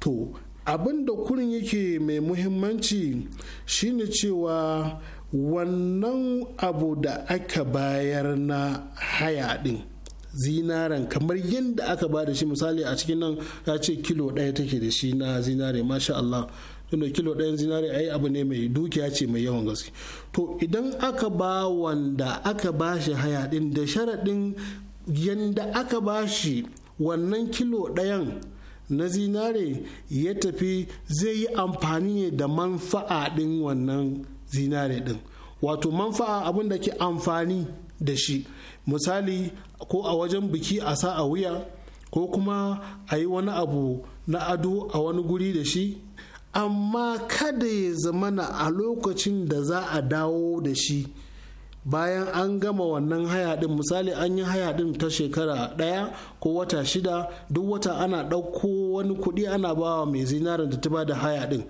to abin da kurin yake mai muhimmanci shine cewa wannan abu da aka bayar na haya din zinaren kamar yadda aka ba da shi misali a cikin nan ya ce kilo ɗaya take da shi na zinare masha Allah tunda kilo ɗayan zinare ai abu ne mai dukiya ce mai yawan gaske to idan aka ba wanda aka ba shi haya ɗin da sharaɗin yadda aka ba shi wannan kilo ɗayan na zinare ya tafi zai yi amfani ne da manfa'a ɗin wannan zinare ɗin wato manfa'a abin da ke amfani da shi misali ko a wajen biki a sa a wuya ko kuma a yi wani abu na ado a wani guri da shi amma kada ya zamana a lokacin da za a dawo da shi bayan an gama wannan haya din misali an yi haya din ta shekara ɗaya ko wata shida duk wata ana ɗauko wani kuɗi ana bawa mai zinarin da ta ba da haya din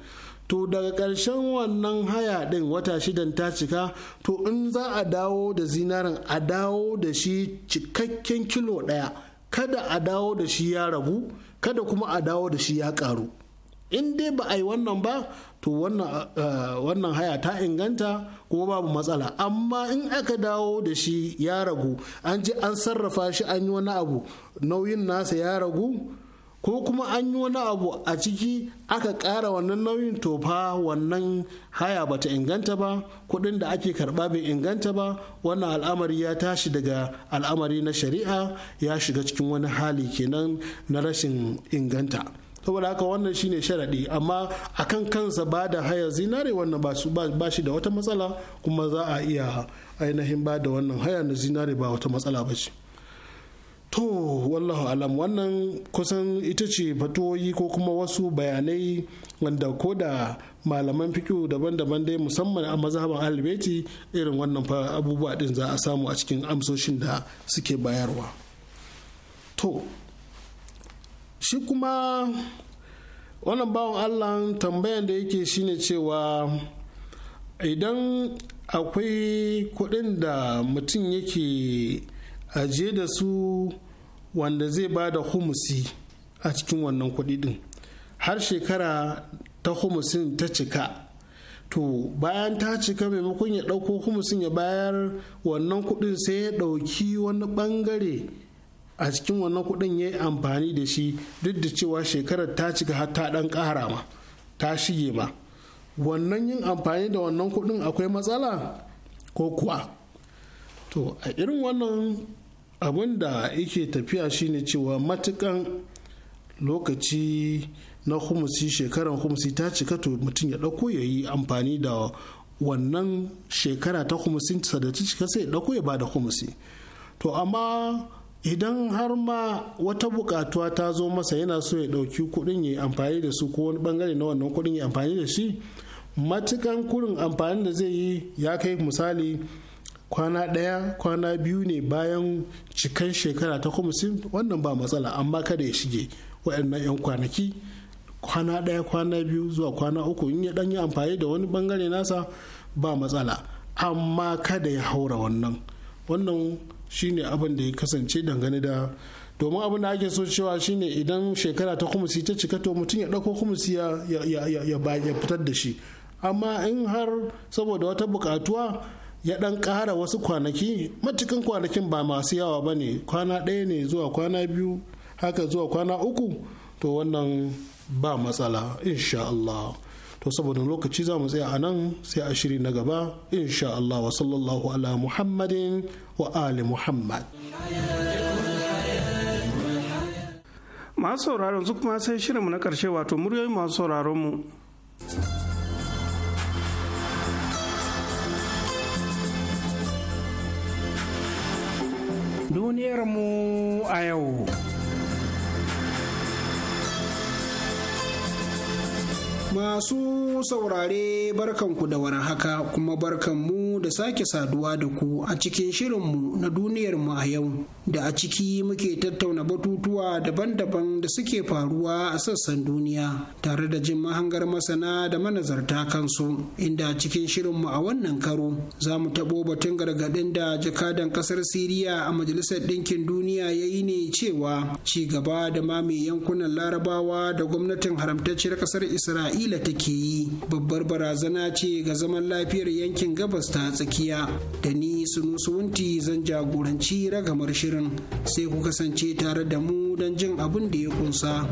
to daga ƙarshen wannan haya ɗin wata shidan ta cika to in za a dawo da zinarin a dawo da shi cikakken kilo ɗaya kada a dawo da shi ya rabu kada kuma a dawo da shi ya ƙaru in dai ba a yi wannan ba to eh, wannan haya ta inganta kuma babu matsala amma in aka dawo da shi ya ragu an ji an sarrafa shi an yi wani abu nauyin nasa ya ragu ko kuma an yi wani abu a ciki aka ƙara wannan nauyin tofa wannan haya bata inganta ba kuɗin da ake karba bai inganta ba wannan al'amari ya tashi daga al'amari na shari'a ya shiga cikin wani hali kenan na rashin inganta. saboda haka wannan shine sharadi amma a kan kansa ba da haya zinare wannan ba shi da wata matsala kuma za a iya ainihin ba da wannan haya na zinare ba wata matsala ba ce to wallahu alam wannan kusan ita ce fatoyi ko kuma wasu bayanai wanda ko da malaman fikiyu daban-daban dai musamman a mazhaban albeti irin wannan abubuwa din za a samu a cikin amsoshin da suke bayarwa to shi kuma wannan bawan allah tambayan da yake shine cewa idan akwai kuɗin da mutum yake ajiye da su wanda zai ba da humusi a cikin wannan kuɗi din har shekara ta humusin ta cika to bayan ta cika maimakon ya ɗauko humusin ya bayar wannan kuɗin sai ya ɗauki wani ɓangare a cikin wannan kuɗin ya yi amfani da shi duk da cewa shekarar ta cika har ta ɗan ƙara ma ta shige ma wannan yin amfani da wannan kuɗin akwai matsala ko kuwa to a irin wannan abin da yake tafiya shine cewa matukan lokaci na humusi shekarar humusi ta cika to mutum ya dauko ya yi amfani da wannan shekara ta humusin da ta cika sai ya dauko ya ba da humusi to amma idan har ma wata bukatuwa ta zo masa yana so ya ɗauki kuɗin ya amfani da su ko wani bangare na wannan kuɗin ya amfani da shi matukan kurin amfani da zai yi ya kai misali kwana ɗaya kwana biyu ne bayan cikan shekara ta kwamisin wannan ba matsala amma kada ya shige waɗannan 'yan kwanaki kwana ɗaya kwana biyu zuwa kwana uku in ya ɗan yi amfani da wani bangare nasa ba matsala amma kada ya haura wannan wannan shine abin da ya kasance dangane da domin abin da ake so cewa shine idan shekara ta kumusi ta cika to mutum ya ɗauko kumusi ya fitar da shi amma in har saboda wata bukatuwa ya dan kara wasu kwanaki matukan kwanakin ba masu yawa ba ne kwana ɗaya ne zuwa kwana biyu haka zuwa kwana uku to wannan ba matsala insha Allah to saboda lokaci za mu tsaya a nan sai a shiri na gaba insha Allah wa sallallahu ala muhammadin wa ali muhammad masu sauraron su kuma sai shirinmu na karshe wato muryoyin masu sauraron mu duniyarmu a yau Masu saurare barkanku da warhaka kuma barkanmu da sake saduwa da ku a cikin shirinmu na duniyar mu a yau da a ciki muke tattauna batutuwa daban-daban da suke faruwa a sassan duniya tare da jin mahangar masana da manazarta kansu inda a cikin shirinmu a wannan karo za mu taɓo batun gargaɗin da jakadan ƙasar siriya a majalisar ɗinkin duniya ya yi ne cewa ci gaba da mame yankunan larabawa da gwamnatin haramtacciyar ƙasar isra'ila kila take yi babbar barazana ce ga zaman lafiyar yankin gabas ta tsakiya da ni sunusuwunti zan jagoranci ragamar shirin sai ku kasance tare da mu don jin abin da ya kunsa.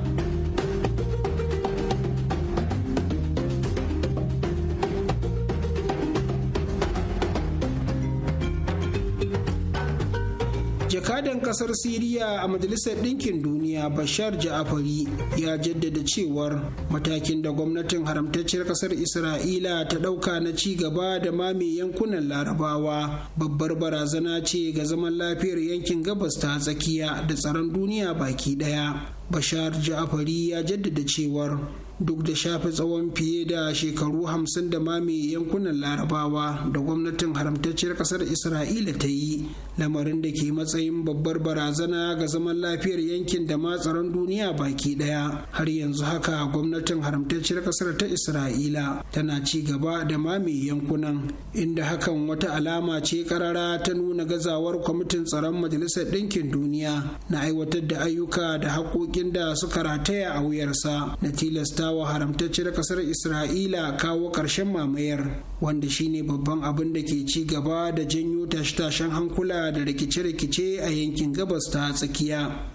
jakadan kasar siriya a majalisar ɗinkin duniya bashar ja'afari ya jaddada cewar matakin da gwamnatin haramtacciyar kasar isra'ila ta ɗauka na ci gaba da mame yankunan larabawa babbar barazana ce ga zaman lafiyar yankin gabas ta tsakiya da tsaron duniya baki ɗaya bashar ja'afari ya jaddada cewar duk da shafe tsawon fiye da shekaru hamsin da mami yankunan larabawa da gwamnatin haramtacciyar kasar isra'ila ta yi lamarin da ke matsayin babbar barazana ga zaman lafiyar yankin da ma tsaron duniya baki daya har yanzu haka gwamnatin haramtacciyar kasar ta isra'ila tana ci gaba da mami yankunan inda hakan wata alama ce karara ta nuna gazawar kwamitin tsaron majalisar ɗinkin duniya na aiwatar da ayyuka da haƙoƙin da suka rataya a wuyarsa na tilasta haramtacce da kasar isra'ila kawo ƙarshen mamayar wanda shine babban abin da ke ci gaba da janyo tashe-tashen hankula da rikice-rikice a yankin gabas ta tsakiya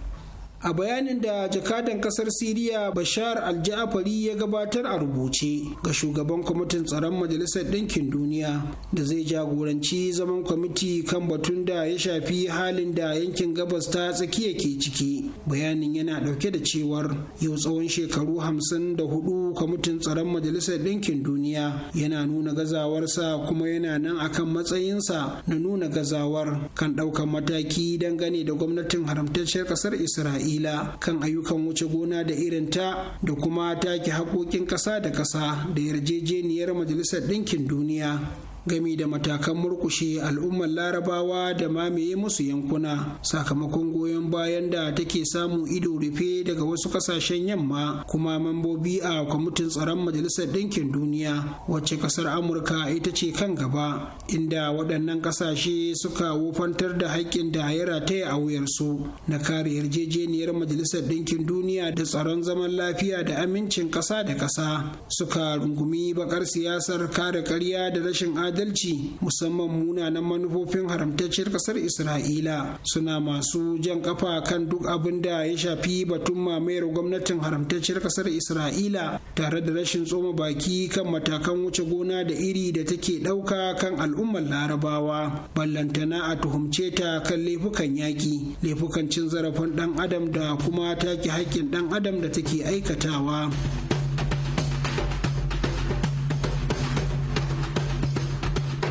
a bayanin da jakadan kasar siriya bashar alja'afari ya gabatar a rubuce ga shugaban kwamitin tsaron majalisar ɗinkin duniya da zai jagoranci zaman kwamiti kan batun da ya shafi halin da yankin gabas ta tsakiya ke ciki bayanin yana ɗauke da cewar yau tsawon shekaru hamsin da hudu kwamitin tsaron majalisar ɗinkin duniya yana nuna gazawarsa kuma yana nan akan matsayinsa na nuna gazawar kan ɗaukan mataki dangane da gwamnatin haramtacciyar ƙasar isra'ila isra'ila kan ayyukan wuce gona da irin ta da kuma take haƙoƙin ƙasa da ƙasa da yarjejeniyar majalisar ɗinkin duniya gami da matakan murkushe al'ummar larabawa da mamaye musu yankuna sakamakon goyon bayan da take samun ido rufe daga wasu kasashen yamma kuma mambobi a kwamitin tsaron majalisar ɗinkin duniya wacce kasar amurka ita ce kan gaba inda waɗannan kasashe suka wofantar da haƙƙin da ya rataya a wuyarsu na kare yarjejeniyar majalisar ɗinkin duniya da tsaron zaman lafiya da amincin ƙasa da ƙasa suka rungumi bakar siyasar kare karya da rashin adalci adalci musamman munanan manufofin haramtacciyar kasar isra'ila suna masu jan kafa kan duk abin da ya shafi batun mamayar gwamnatin haramtacciyar kasar isra'ila tare da rashin tsoma baki kan matakan wuce gona da iri da take ɗauka kan al'ummar larabawa ballantana a tuhumce ta kan laifukan yaƙi laifukan cin zarafin ɗan adam da kuma take haƙƙin ɗan adam da take aikatawa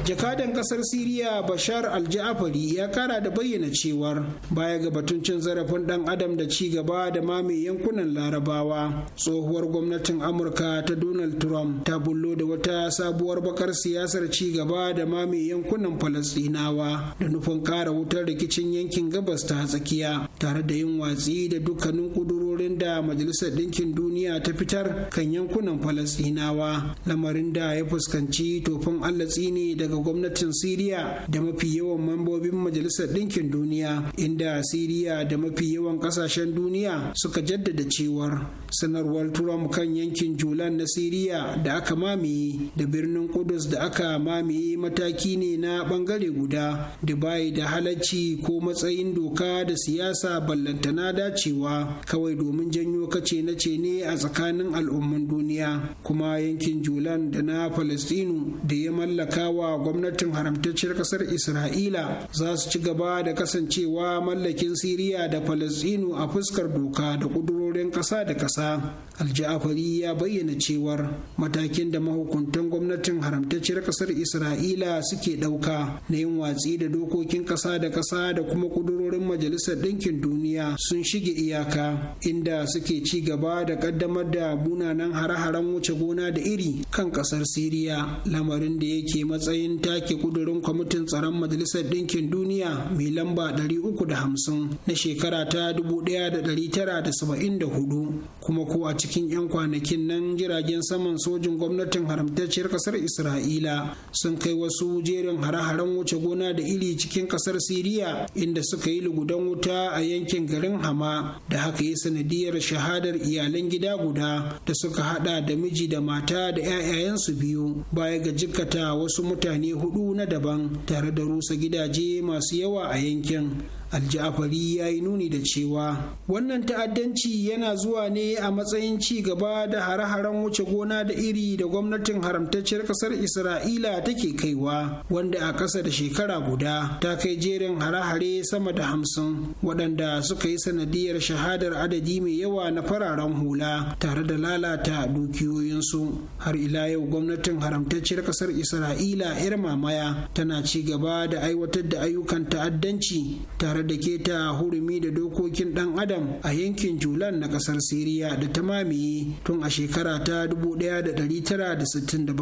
jakadan kasar siriya bashar alja'afari ya kara da bayyana cewar baya ga batun cin zarafin dan adam da ci gaba da mame yankunan larabawa tsohuwar gwamnatin amurka ta donald trump ta bullo da wata sabuwar bakar siyasar ci gaba da mame yankunan falastinawa da nufin kara wutar rikicin yankin gabas ta tsakiya tare da yin watsi da dukkanin kudurorin da majalisar ɗinkin duniya ta fitar kan yankunan falastinawa lamarin da ya fuskanci tofin allatsi ne daga gwamnatin siriya da mafi yawan mambobin majalisar ɗinkin duniya inda siriya da mafi yawan ƙasashen duniya suka jaddada cewar sanarwar trump kan yankin julan na siriya da aka mamaye da birnin kudus da aka mamaye mataki ne na bangare guda da bayi da halacci ko matsayin doka da siyasa ballantana dacewa kawai domin janyo kace na ce ne a tsakanin al'umman duniya kuma yankin julan da na falastinu da ya mallaka wa gwamnatin haramtacciyar kasar isra'ila za su ci gaba da kasancewa mallakin siriya da falasɗinu a fuskar doka da kudurorin ƙasa da ƙasa alja'afari ya bayyana cewar matakin da mahukuntan gwamnatin haramtacciyar kasar isra'ila suke ɗauka na yin watsi da dokokin ƙasa da ƙasa da kuma kudurorin majalisar ɗinkin duniya sun shige iyaka inda suke ci gaba da ƙaddamar da munanan hare-haren wuce gona da iri kan ƙasar siriya lamarin da yake matsayin domin take kudurin kwamitin tsaron majalisar ɗinkin duniya mai lamba 350 na shekara ta 1974 kuma ko a cikin 'yan kwanakin nan jiragen saman sojin gwamnatin haramtacciyar kasar isra'ila sun kai wasu jerin hare-haren wuce gona da iri cikin kasar siriya inda suka yi lugudan wuta a yankin garin hama da haka yi sanadiyar shahadar iyalan gida guda da suka hada da miji da mata da 'ya'yayensu biyu baya ga jikkata wasu mutane mutane hudu na daban tare da rusa gidaje masu yawa a yankin aljafari ya yi nuni da cewa wannan ta'addanci yana zuwa ne a matsayin ci gaba da hare-haren wuce gona da iri da gwamnatin haramtacciyar kasar isra'ila take kaiwa wanda a ƙasa da shekara guda ta kai jerin hare-hare sama da hamsin waɗanda suka yi sanadiyar shahadar adadi mai yawa na fararen hula tare da lalata dukiyoyinsu har ila yau gwamnatin haramtacciyar kasar isra'ila 'yar mamaya tana ci gaba da aiwatar da ayyukan ta'addanci tare tare da keta hurumi da dokokin dan adam a yankin julan na kasar siriya da ta mamaye tun a shekara ta 1967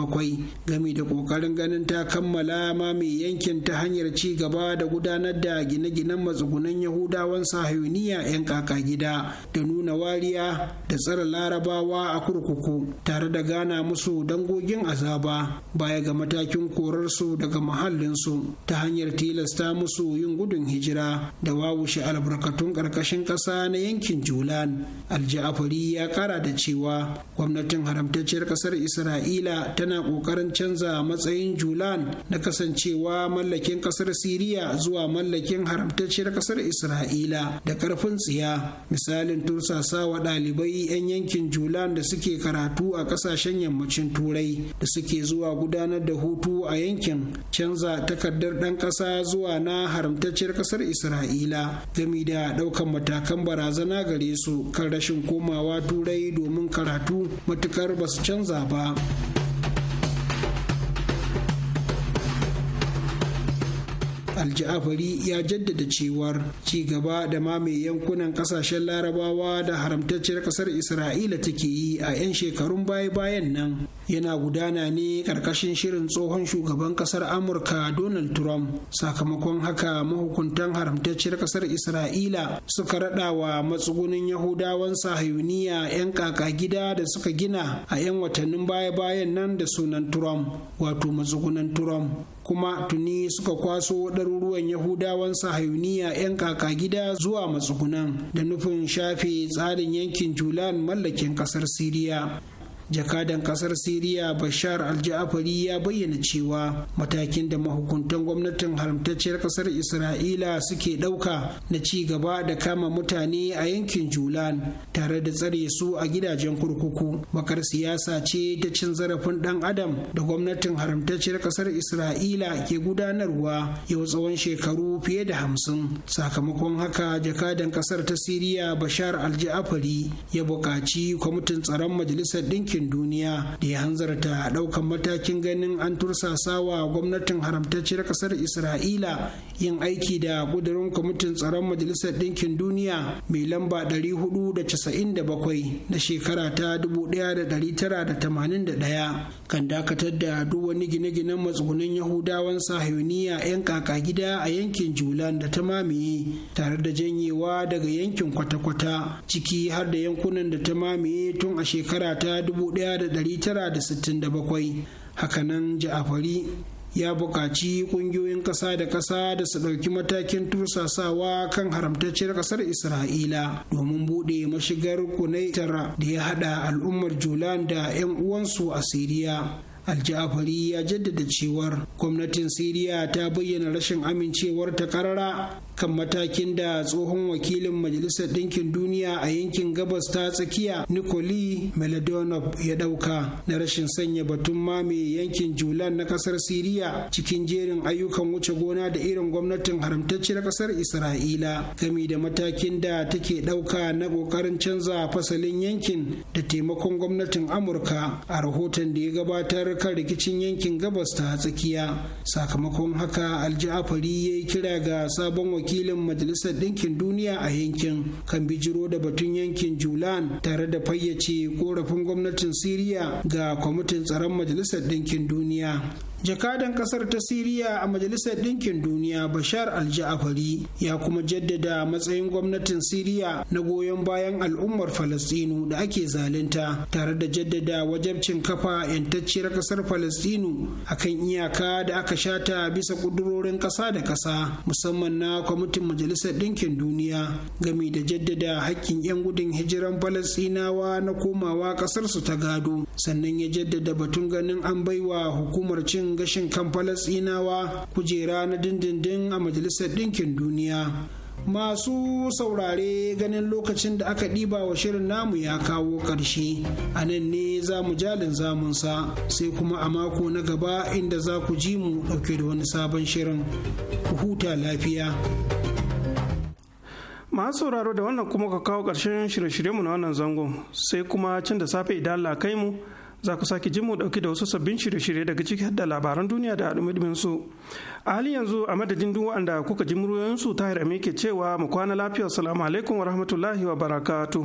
gami da kokarin ganin ta kammala mamaye yankin ta hanyar ci gaba da gudanar da gine-ginen matsugunan yahudawan sahiyuniya 'yan kaka gida da nuna wariya da tsara larabawa a kurkuku tare da gana musu dangogin azaba baya ga matakin korarsu daga muhallinsu ta hanyar tilasta musu yin gudun hijira da wawushe albarkatun ƙarƙashin ƙasa na yankin julan AlJafari ya ƙara da cewa gwamnatin haramtacciyar ƙasar isra'ila tana ƙoƙarin canza matsayin julan na kasancewa mallakin ƙasar siriya zuwa mallakin haramtacciyar ƙasar isra'ila da ƙarfin tsiya misalin tursasa wa ɗalibai 'yan yankin julan da suke karatu a ƙasashen yammacin turai da suke zuwa gudanar da hutu a yankin canza takardar ɗan ƙasa zuwa na haramtacciyar ƙasar isra'ila isra'ila gami da ɗaukan matakan barazana gare su kan rashin komawa turai domin karatu matukar basu canza ba. alja'afari ya jaddada cewar ci gaba da mame yankunan kasashen larabawa da haramtacciyar kasar isra'ila take yi a 'yan shekarun baya-bayan nan yana gudana ne karkashin shirin tsohon shugaban kasar amurka donald trump sakamakon haka mahukuntan haramtacciyar kasar isra'ila suka rada wa matsugunin yahudawan sahayuniya 'yan kaka gida da suka gina a 'yan watannin baya-bayan nan da sunan trump wato matsugunan trump kuma tuni suka kwaso ɗaruruwan yahudawan sahayuniya 'yan kaka gida zuwa matsugunan da nufin shafe tsarin yankin julan mallakin ƙasar siriya jakadan kasar siriya bashar alja'afari ya bayyana cewa matakin da mahukuntan gwamnatin haramtacciyar kasar isra'ila suke ɗauka na ci gaba da kama mutane a yankin julan tare da tsare su a gidajen kurkuku bakar siyasa ce ta cin zarafin ɗan adam da gwamnatin haramtacciyar kasar isra'ila ke gudanarwa yau tsawon shekaru fiye da hamsin sakamakon haka jakadan kasar ta siriya bashar alja'afari ya buƙaci kwamitin tsaron majalisar ɗinkin ɗinkin duniya da ya hanzarta ɗaukan matakin ganin an tursasa wa gwamnatin haramtacciyar ƙasar isra'ila yin aiki da ƙudurin kwamitin tsaron majalisar ɗinkin duniya mai lamba 497 na shekara ta 1981 kan dakatar da duk wani gine-ginen matsugunan yahudawan sahiyoniya 'yan kaka gida a yankin julan da ta mamaye tare da janyewa daga yankin kwata-kwata ciki har da yankunan da ta mamaye tun a shekara ta 1967 hakanan ja'afari ya buƙaci ƙungiyoyin ƙasa da ƙasa da su ɗauki matakin tursasawa kan haramtacciyar ƙasar isra'ila domin buɗe mashigar kunaitara da ya haɗa al'ummar julan da 'yan uwansu a siriya alja'afari ya jaddada cewar gwamnatin siriya ta bayyana rashin amincewar ta ƙarara. kan matakin da tsohon wakilin majalisar ɗinkin duniya a yankin gabas ta tsakiya nikoli meladonov ya ɗauka na rashin sanya batun mame yankin julan na ƙasar siriya cikin jerin ayyukan wuce gona da irin gwamnatin haramtacciyar ƙasar isra'ila gami da matakin da take ɗauka na ƙoƙarin canza fasalin yankin da taimakon gwamnatin amurka a rahoton da ya gabatar kan rikicin yankin gabas ta tsakiya sakamakon haka aljafari ya yi kira ga sabon wakilin wakilin majalisar ɗinkin duniya a yankin kan bijiro da batun yankin julan tare da fayyace korafin gwamnatin siriya ga kwamitin tsaron majalisar ɗinkin duniya jakadan kasar ta siriya a majalisar ɗinkin duniya bashar alja'afari ya kuma jaddada matsayin gwamnatin siriya na goyon bayan al'ummar falastinu da ake zalunta tare da jaddada wajabcin kafa 'yantacciyar kasar falastinu akan iyaka da aka shata bisa kudurorin ƙasa da ƙasa musamman na kwamitin majalisar ɗinkin duniya gami da jaddada hakkin 'yan gudun hijiran falastinawa na komawa ƙasarsu ta gado sannan ya jaddada batun ganin an baiwa hukumar cin cin gashin kan falasinawa kujera na dindindin a majalisar ɗinkin duniya masu saurare ganin lokacin da aka ɗiba wa shirin namu ya kawo ƙarshe a nan ne za mu jalin zamunsa sai kuma a mako na gaba inda za ku ji mu ɗauke da wani sabon shirin ku huta lafiya masu sauraro da wannan kuma ka kawo ƙarshen shirye-shiryenmu na wannan zangon sai kuma can da safe idan la kai mu za ku sake jin mu dauki da wasu sabbin shirye-shirye daga ciki da labaran duniya da dumi su a hali yanzu a madadin duk wanda kuka ji muryoyinsu ta hira ke cewa mu kwana lafiya salamu alaikum wa rahmatullahi wa barakatu.